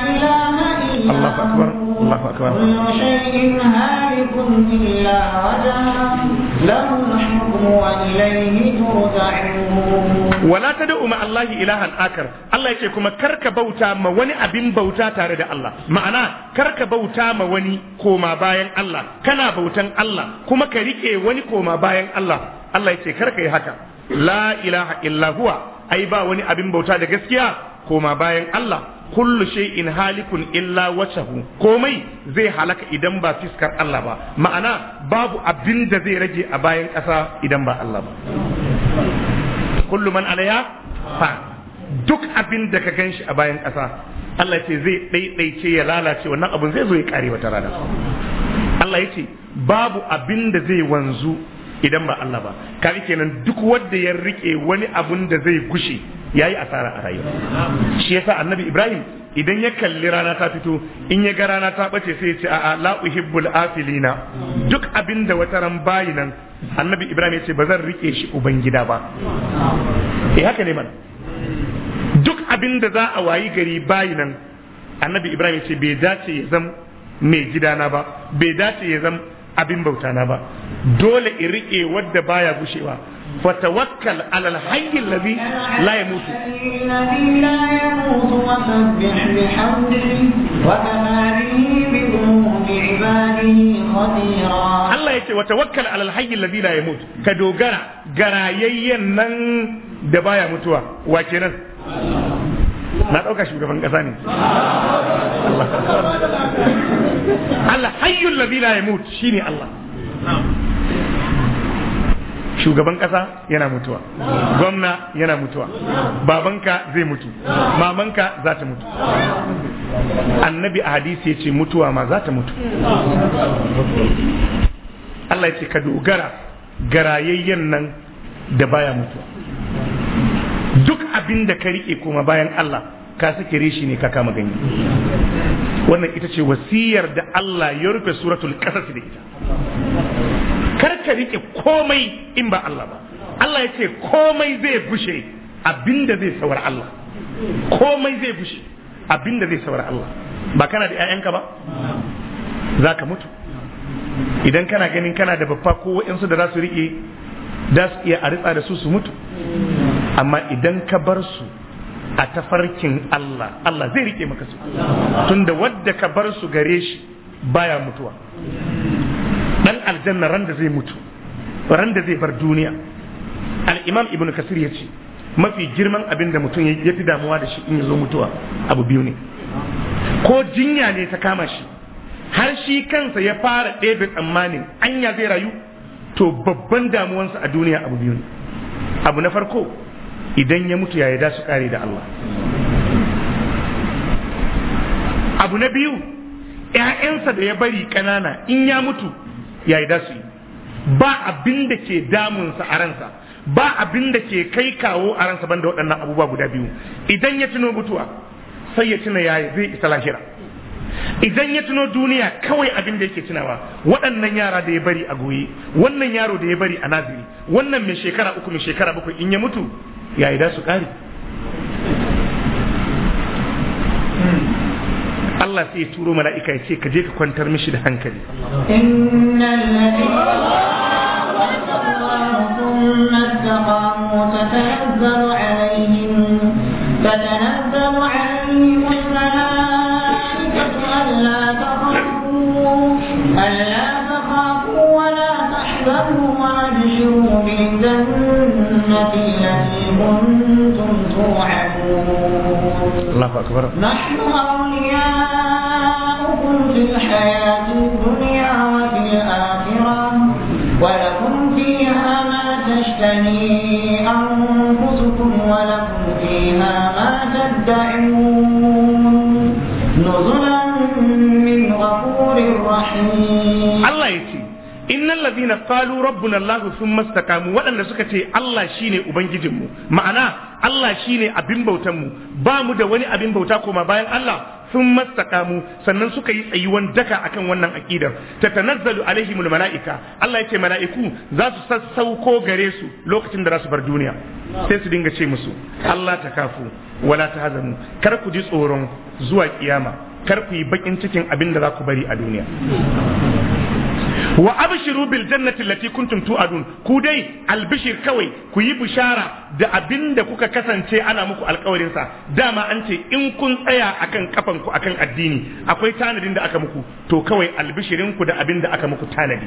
ilaha illa Allah akbar الله أكبر كل شيء هالك إلا وجهه له الحكم وإليه ترجعون ولا تدعوا مع الله إلها آخر الله يقول كما كرك بوتا ما وني أبين بوتا تارد الله معنى كرك بوتا ما وني كوما باين الله كنا بوتان الله كما كريكي وني كوما باين الله الله يقول كرك يهكا لا إله إلا هو أي با وني أبين بوتا دا كما باين الله kullu shay'in halikun illa wajhu komai zai halaka idan ba fiskar Allah ba ma'ana babu abin da zai rage a bayan ƙasa idan ba Allah ba kullu man alaya fa duk abin da ka ganshi a bayan ƙasa Allah ce zai ɗaiɗaice ya lalace wannan abin zai zo ya ƙare wata rana Allah ya ce babu abin da zai wanzu idan ba Allah ba kaga kenan duk wanda ya rike wani abun da zai gushe yayi asara a rayuwa shi yasa annabi ibrahim idan ya kalli rana ta fito in ya ga rana ta bace sai ya ce a'a la uhibbul afilina duk abin da wata ran bayi nan annabi ibrahim ya ce ba zan rike shi ubangida ba eh haka ne man. duk abin da za a wayi gari bayi nan annabi ibrahim ya ce bai dace ya zam mai gidana ba bai dace ya zam abin bautana ba dole in rike wadda baya gushewa وتوكل على الحي الذي لا يموت الذي لا يموت وسبح بحمده وكفى به بذنوب عباده خبيرا الله يتي وتوكل على الحي الذي لا يموت كدوغرا غرايين نن da baya mutuwa wa kenan na ɗauka shugaban ƙasa ne Allah hayyul ladhi la yamut shine Allah shugaban ƙasa yana mutuwa gwamna yana mutuwa babanka zai mutu mamanka za ta mutu annabi a hadisi ya ce mutuwa ma za ta mutu Allah ya ce ka dogara garayayyen nan da baya mutuwa duk abin da ka riƙe kuma bayan Allah ka sake reshi ne ka kama ganye wannan ita ce wasiyar da Allah ya rufe suratul ƙasas da ita Kar ka rike komai in ba Allah ba Allah ya ce komai zai bushe abinda zai sawar Allah komai zai bushe abinda zai sawar Allah ba kana da 'ya'yanka ba za ka mutu idan kana ganin kana da babba ko waɗansu da za su riƙe da su iya a da su su mutu amma idan ka bar su a tafarkin Allah Allah zai riƙe maka su tunda wadda ka bar su gare shi baya mutuwa dan aljanna ran da zai mutu ran da zai bar duniya al-imam ibn kasir ya ce mafi girman abin da mutum ya fi damuwa da shi in ya zo mutuwa abu biyu ne ko jinya ne ta kama shi har shi kansa ya fara ɗebe tsammanin anya zai rayu to babban damuwansa a duniya abu biyu ne abu na farko idan ya mutu yaya da su kare da Allah abu na biyu ‘ya'yansa da ya bari ƙanana in ya mutu ya da dasu ba abin da ke damunsa a ransa ba abin da ke kai kawo a ransa banda waɗannan abubuwa guda biyu idan ya tuno mutuwa sai ya tuna yaya zai isa lahira idan ya tuno duniya kawai abin da yake tunawa waɗannan yara da ya bari a goyi wannan yaro da ya bari a naziri wannan mai shekara uku mai shekara bakwai in ya mutu Ya'ya da su ƙari Allah sai ya turo mala'ika ya ce ka je ka kwantar mishi da hankali الله أكبر نحن أولياء الحياة الدنيا وفي الآخرة ولكم فيها ما تشتهي أنفسكم ولكم فيها ما تدعون alladhina qalu rabbuna allah thumma istaqamu waɗanda suka ce allah shine ubangijinmu ma'ana allah shine abin bautan mu ba mu da wani abin bauta koma bayan allah thumma istaqamu sannan suka yi tsayuwan daka akan wannan aqidar tatanazzalu alaihimul malaika allah yace mala'iku za su sassauko gare su lokacin da za su bar duniya sai su dinga ce musu allah ta kafu wala ta kar ku ji tsoron zuwa kiyama kar ku yi bakin cikin abin da za ku bari a duniya wa abshiru bil jannati allati kuntum tu'adun ku dai albishir kawai ku yi bishara da abinda kuka kasance ana muku sa dama an ce in kun tsaya akan kafanku akan addini akwai tanadin da aka muku to kawai albishirin ku da abin da aka muku tanadi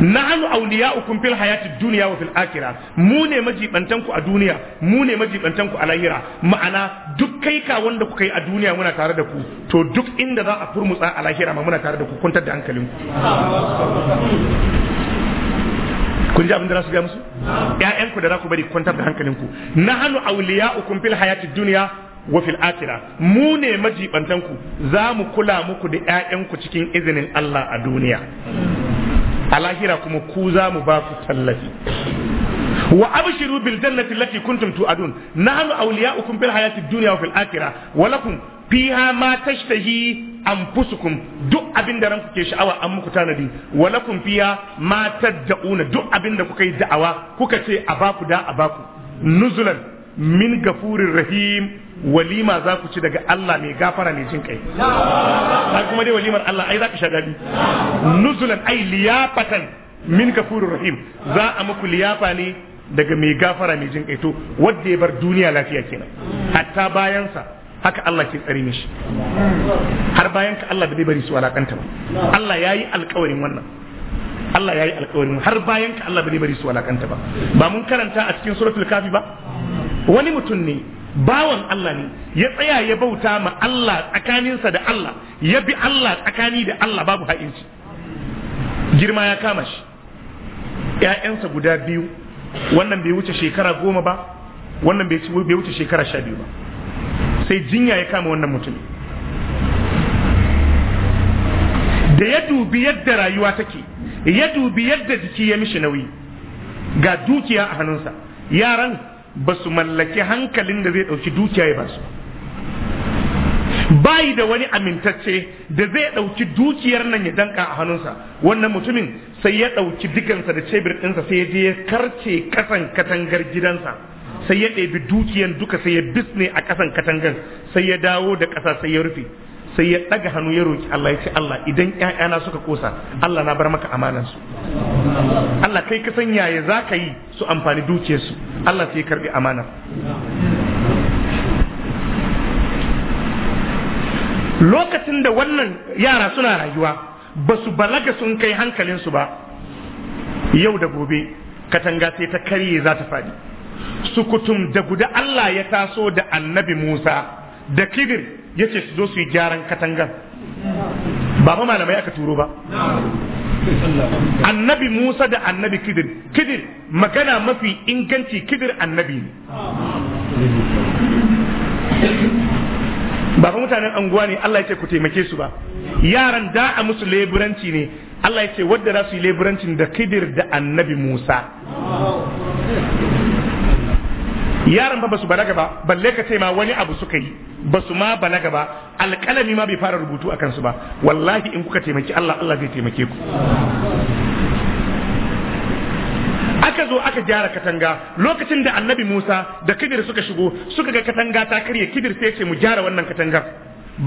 Na nahnu awliya'ukum fil hayatid dunya wa fil akhirah mu ne majibantanku a duniya mu ne majibantanku a lahira ma'ana duk kai ka wanda kuka yi a duniya muna tare da ku to duk inda za a furmutsa a lahira ma muna tare da ku kuntar da hankalinku kun ji abin da za su ga musu ya'yan ku da za ku bari kwantar da hankalinku nahnu ukun fil hayati dunya wa fil akhirah mu ne majibantan ku za mu kula muku da ya'yan ku cikin izinin Allah a duniya a lahira kuma ku za mu ba ku tallafi wa abshiru bil jannati allati kuntum tu'adun nahnu awliya'ukum fil hayati dunya wa fil akhirah wa lakum fiha ma tashtahi anfusukum duk abinda ranku ke sha'awa an muku tanadi wa lakum fiha ma tad'una duk abinda kuka yi da'awa kuka ce a baku da a baku nuzulan min gafurir rahim walima za ku ci daga Allah mai gafara mai jin kai ba kuma dai walimar Allah ai za ku sha dadi nuzulan ai liyafatan min gafurir rahim za a muku liyafa ne daga mai gafara mai jin kaito wanda ya bar duniya lafiya kenan hatta bayansa haka Allah ke tsare mishi har bayan ka Allah da bai bari su alakanta ba Allah yayi alƙawarin wannan Allah yayi alƙawarin har bayan ka Allah bai bari su alakanta ba ba mun karanta a cikin suratul kafi ba wani mutum ne bawan Allah ne ya tsaya ya bauta ma Allah tsakaninsa da Allah ya bi Allah tsakani da Allah babu ha'inci girma ya kama shi ƴaƴansa guda biyu wannan bai wuce shekara goma ba wannan bai wuce shekara sha biyu ba sai jinya ya kama wannan mutum da ya dubi yadda rayuwa take ya dubi yadda jiki ya mishi nauyi ga dukiya a hannunsa yaran ba su mallaki hankalin da zai ɗauki dukiya ya ba su bayi da wani amintacce da zai ɗauki dukiyar nan ya danka a hannunsa wannan mutumin sai ya ɗauki dukansa da cebir ɗinsa sai ya je ya karce kasan katangar gidansa sai ya ɗebi dukiyan duka sai ya bisne a kasan katangar sai ya dawo da ƙasa sai ya rufe sai ya ɗaga hannu ya roki Allah ya ce Allah idan ƴaƴana suka kosa Allah na bar maka amanansu Allah kai ka san yaya za yi su amfani dukiyarsu Allah sai ya karɓi amana lokacin da wannan yara suna rayuwa ba su balaga sun kai hankalinsu ba yau da gobe katanga sai ta karye za ta faɗi sukutum da guda Allah ya taso da annabi Musa da Kidir ya ce su zo su yi gyaran katangan ba ma malamai aka turo ba annabi Musa da annabi Kidir Kidir magana mafi inganci Kidir annabi ne ba fa mutanen anguwa ne Allah ya ce ku taimake su ba yaran da a musu leburanci ne Allah ya ce wadda za su yi leburancin da kidir da annabi Musa yaran ba basu balaga ba balle ka ce wani abu suka yi Ba su ma balaga ba alƙalami ma bai fara rubutu a kansu ba wallahi in kuka taimaki Allah Allah zai taimake ku aka zo aka gyara katanga lokacin da annabi Musa da Kidir suka shigo suka ga katanga ta karya Kidir sai ce mu gyara wannan katangar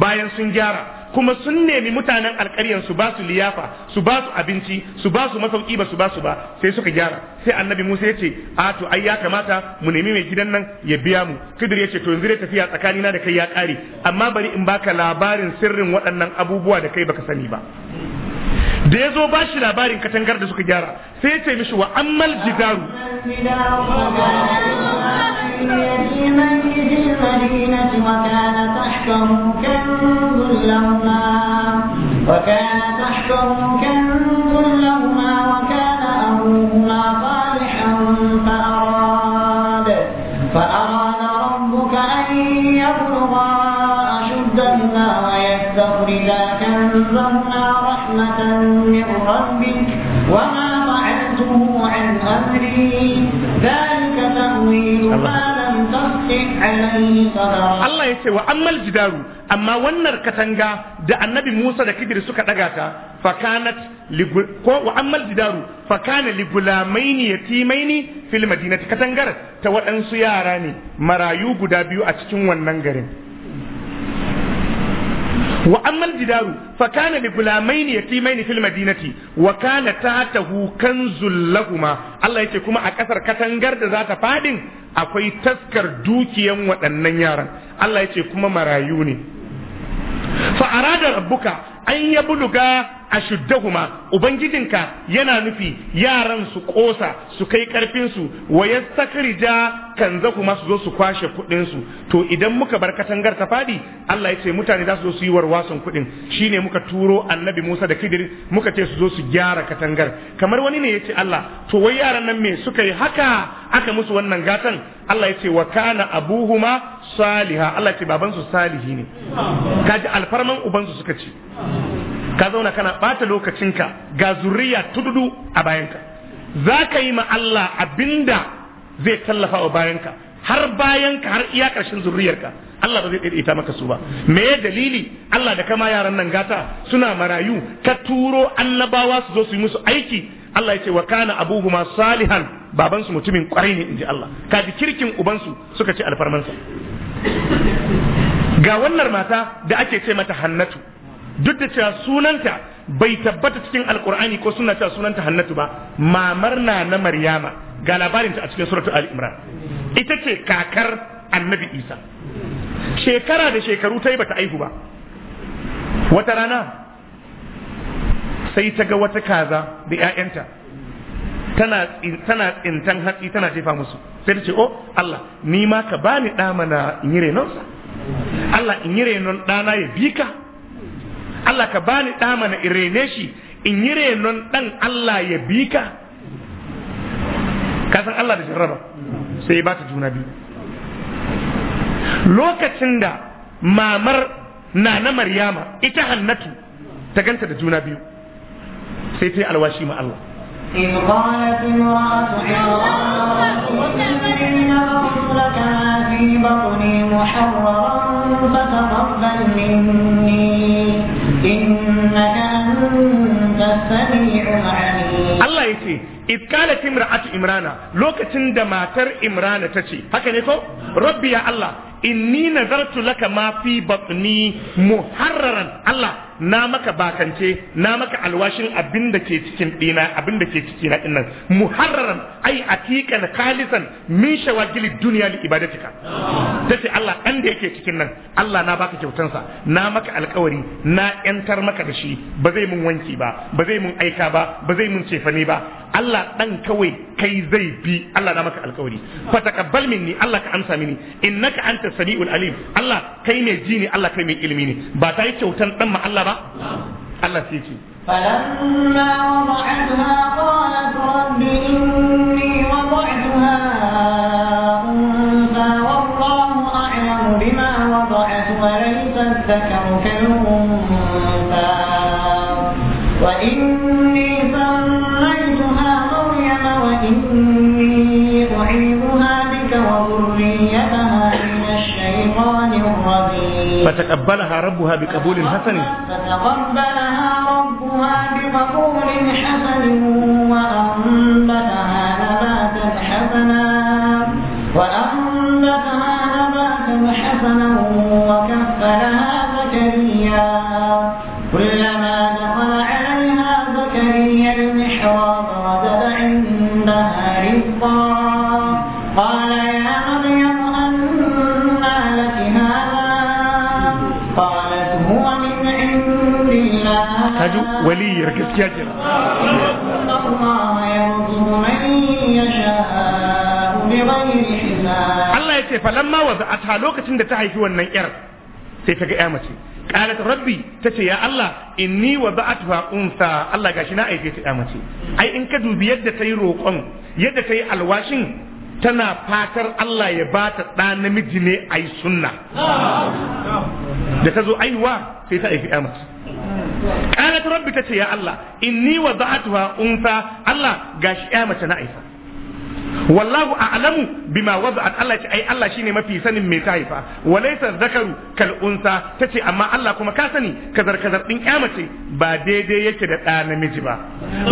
bayan sun gyara kuma sun nemi mutanen alkaryan su ba su liyafa su ba su abinci su ba su masauki ba su ba su ba sai suka gyara sai annabi Musa ya ce a to ai ya kamata mu nemi mai gidan nan ya biya mu Kidir ya ce to yanzu dai tafiya tsakanina da kai ya kare amma bari in baka labarin sirrin waɗannan abubuwa da kai baka sani ba da ya zo ba shi labarin katangar da suka gyara sai ya ce mishi wa ammal jidaru وكان تحته كنز لهما وكان أبوهما صالحا فأراد فأراد ربك أن يبلغا أشدهما ويستخرجا كنزهما رحمة من ربك وما فعلته عن أمري ذلك تأويل ما لم تستطع عليه صبرا الله يسوى أما الجدار amma wannan katanga da annabi Musa da Khidir suka daga ta fakanat ko wa ammal jidaru fakana li gulamaini yatimaini fil madinati katangar ta waɗansu yara ne marayu guda biyu a cikin wannan garin wa amal jidaru fa kana li gulamain yatimain fil madinati wa kana tahtahu kanzul lahuma Allah yace kuma a kasar katangar da zata fadin akwai taskar dukiyan waɗannan yaran Allah yace kuma marayu ne fa arada rabbuka an yabluga ashuddahuma ubangijinka yana nufi yaran su kosa su kai karfin su wa yastakrija kanzahuma su zo su kwashe kudin su to idan muka bar katangar ta fadi Allah yace mutane za su zo su yi kuɗin. kudin shine muka turo annabi Musa da Khidir muka ce su zo su gyara katangar kamar wani ne yace Allah to wai yaran nan me suka yi haka aka musu wannan gatan Allah yace ce wa kana abuhuma saliha Allah ce babansu salihi ne kaji alfarman ubansu suka ce ka zauna kana ɓata lokacinka ga zuriya tududu a bayanka za ka yi ma Allah abinda zai tallafa wa bayanka har bayan ka har iya ƙarshen ka, Allah ba zai ita maka su ba me ya dalili Allah da kama yaran nan gata suna marayu ka turo annabawa su zo su yi musu aiki Allah ya ce wa kana abuhuma salihan babansu mutumin kwarai ne inji Allah kaji kirkin ubansu suka ce alfarmansa ga wannan mata da ake ce mata hannatu duk da cewa sunanta bai tabbata cikin alkur'ani ko suna cewa sunanta hannatu ba mamar na na maryama ga labarinta a cikin suratul al-imran ita ce kakar annabi isa shekara da shekaru ta yi bata aihu ba wata rana sai ta ga wata kaza da 'ya'yanta tana tsintan hatsi tana jefa musu sai ta ce oh Allah ni ma ka bani ɗa mana in yi renonsa Allah in yi renon ɗana ya bi ka Allah ka bani ɗa mana in rene shi in yi renon ɗan Allah ya bi ka ka san Allah da jarraba sai ya bata juna biyu lokacin da mamar na na Maryama ita Hannatu ta ganta da juna biyu sai ta yi alwashi ma Allah إذ قالت امرأة إن بطن لك في بطني محررا فتقبل مني إنك أنت السميع العليم الله يسي إذ قالت امرأة إمرانا لوكتن دماتر إمرانا تشي هكذا نكو ربي يا الله إني نذرت لك ما في بطني محررا الله na maka bakance na maka alwashin abin da ke cikin dina abin da ke ciki na dinnan muharraran ai atiqan khalisan min shawagil da li ibadatika tace Allah dan da yake cikin nan Allah na baka sa, na maka alkawari na yantar maka da shi ba zai mun wanki ba ba zai mun aika ba ba zai mun cefane ba Allah ɗan kawai kai zai bi Allah na maka alkawari fa taqabbal minni Allah ka amsa mini innaka anta samiul alim Allah kai ne ji ne Allah kai mai ilimi ne ba ta yi kyautan dan ma Allah ba Allah sai ce فلما وضعتها قالت رب إني وضعتها أنثى والله أعلم بما وضعت وليس الذكر كالأنثى وإن فتقبلها ربها بقبول حسن فتقبلها ربها بقبول حسن وأنبتها نباتا حسنا وأنبتها نباتا حسنا وكفلها زكريا كلما waliyar gaskiya kenan Allah ya ce falamma waza'ata lokacin da ta haifi wannan yar sai ta ga ya mace qalat rabbi tace ya Allah inni wada'atuha unsa Allah gashi na aike ta ya mace ai in ka dubi yadda ta yi roƙon yadda ta yi alwashin tana fatar Allah ya ba ta ɗa namiji ne ai sunna da ta zo aiwa sai ta aifi ya mace qalat rabbi tace ya Allah inni wada'atuha unsa Allah gashi ya mace na aifa wallahu a'lamu bima wada'at Allah ce ai Allah shine mafi sanin mai ta haifa walaysa zakaru kal unsa tace amma Allah kuma ka sani kazar kazar din ya mace ba daidai yake da ɗa namiji ba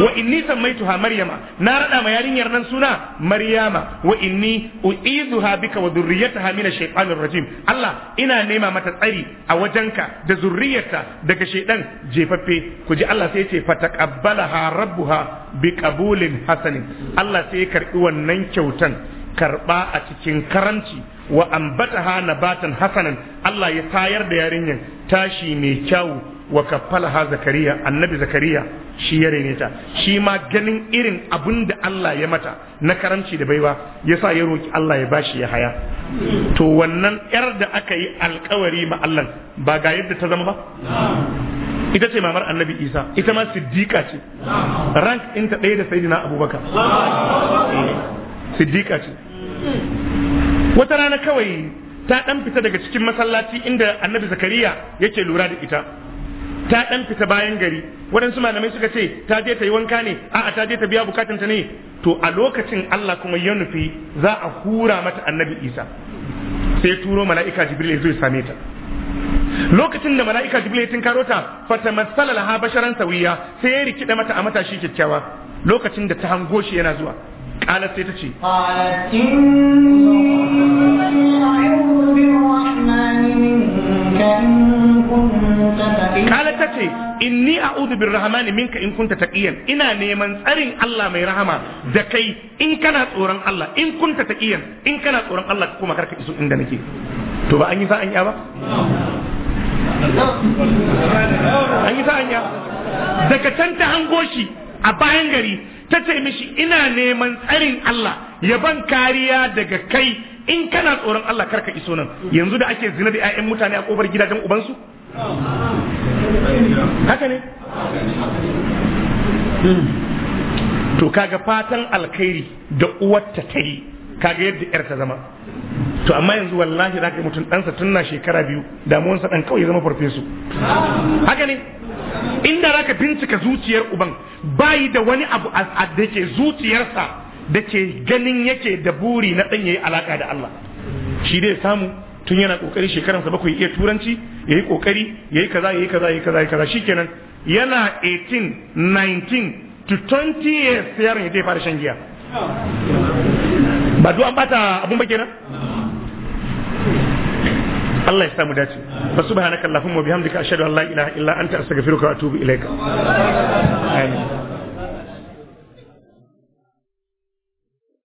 wa inni sammaituha maryama na rada ma yarinyar nan suna maryama wa inni u'iduha bika wa dhurriyyataha min ash-shaytanir rajim Allah ina nema mata tsari a wajenka da zurriyarta daga shaydan jefaffe ku ji Allah sai ya ce fataqabbalaha rabbuha biqabulin hasanin Allah sai ya karbi wannan wannan kyautan karɓa a cikin karanci wa na nabatan hasanan Allah ya tayar da yarinyar tashi mai kyau wa kaffalaha zakariya annabi zakariya shi ya rene ta shi ma ganin irin abin da Allah ya mata na karanci da baiwa ya sa ya roki Allah ya bashi ya haya to wannan yar da aka yi alkawari ma Allah ba ga yadda ta zama ba ita ce mamar annabi isa ita ma siddiqa ce rank ɗinta ɗaya da sayidina abubakar siddiqa ce wata rana kawai ta ɗan fita daga cikin masallaci inda annabi zakariya yake lura da ita ta ɗan fita bayan gari waɗansu malamai suka ce ta je ta yi wanka ne a'a ta je ta biya ta ne to a lokacin Allah kuma ya nufi za a hura mata annabi isa sai turo mala'ika jibril ya zo ya same ta lokacin da mala'ika jibril ya tinkaro ta fatamassala laha basharan sawiya sai ya rikida mata a matashi kyakkyawa lokacin da ta hango shi yana zuwa qalat sai ta ce qalat ta ce inni a'udhu birrahmani minka in kunta taqiyan ina neman tsarin Allah mai rahama da kai in kana tsoron Allah in kunta taqiyan in kana tsoron Allah kuma karka iso inda nake to ba an yi sa an ya ba an yi sa'anya daga can ta hango shi a bayan gari ta ce mishi ina neman tsarin Allah ya ban kariya daga kai in kana tsoron Allah karka iso nan yanzu da ake zina da 'ya'yan mutane a kofar gidajen ubansu haka ne to kaga fatan alkhairi da uwarta ta yi kaga yadda 'yar ta zama to amma yanzu wallahi zaka mutum ɗansa tun na shekara biyu damuwansa ɗan kawai ya zama farfesu haka ne inda zaka bincika zuciyar uban bayi da wani abu da ke zuciyarsa da ke ganin yake da buri na ɗan yayi alaka da Allah shi dai samu tun yana kokari shekaransa bakwai iya turanci yayi kokari yayi kaza yayi kaza yayi kaza yayi kaza shikenan yana 18 19 to 20 years yaron ya fara shan giya ba duk an bata abun ba kenan Allah ya samu dace fa subhanaka allahumma bihamdika ashhadu an la ilaha illa anta astaghfiruka wa atubu ilaik amin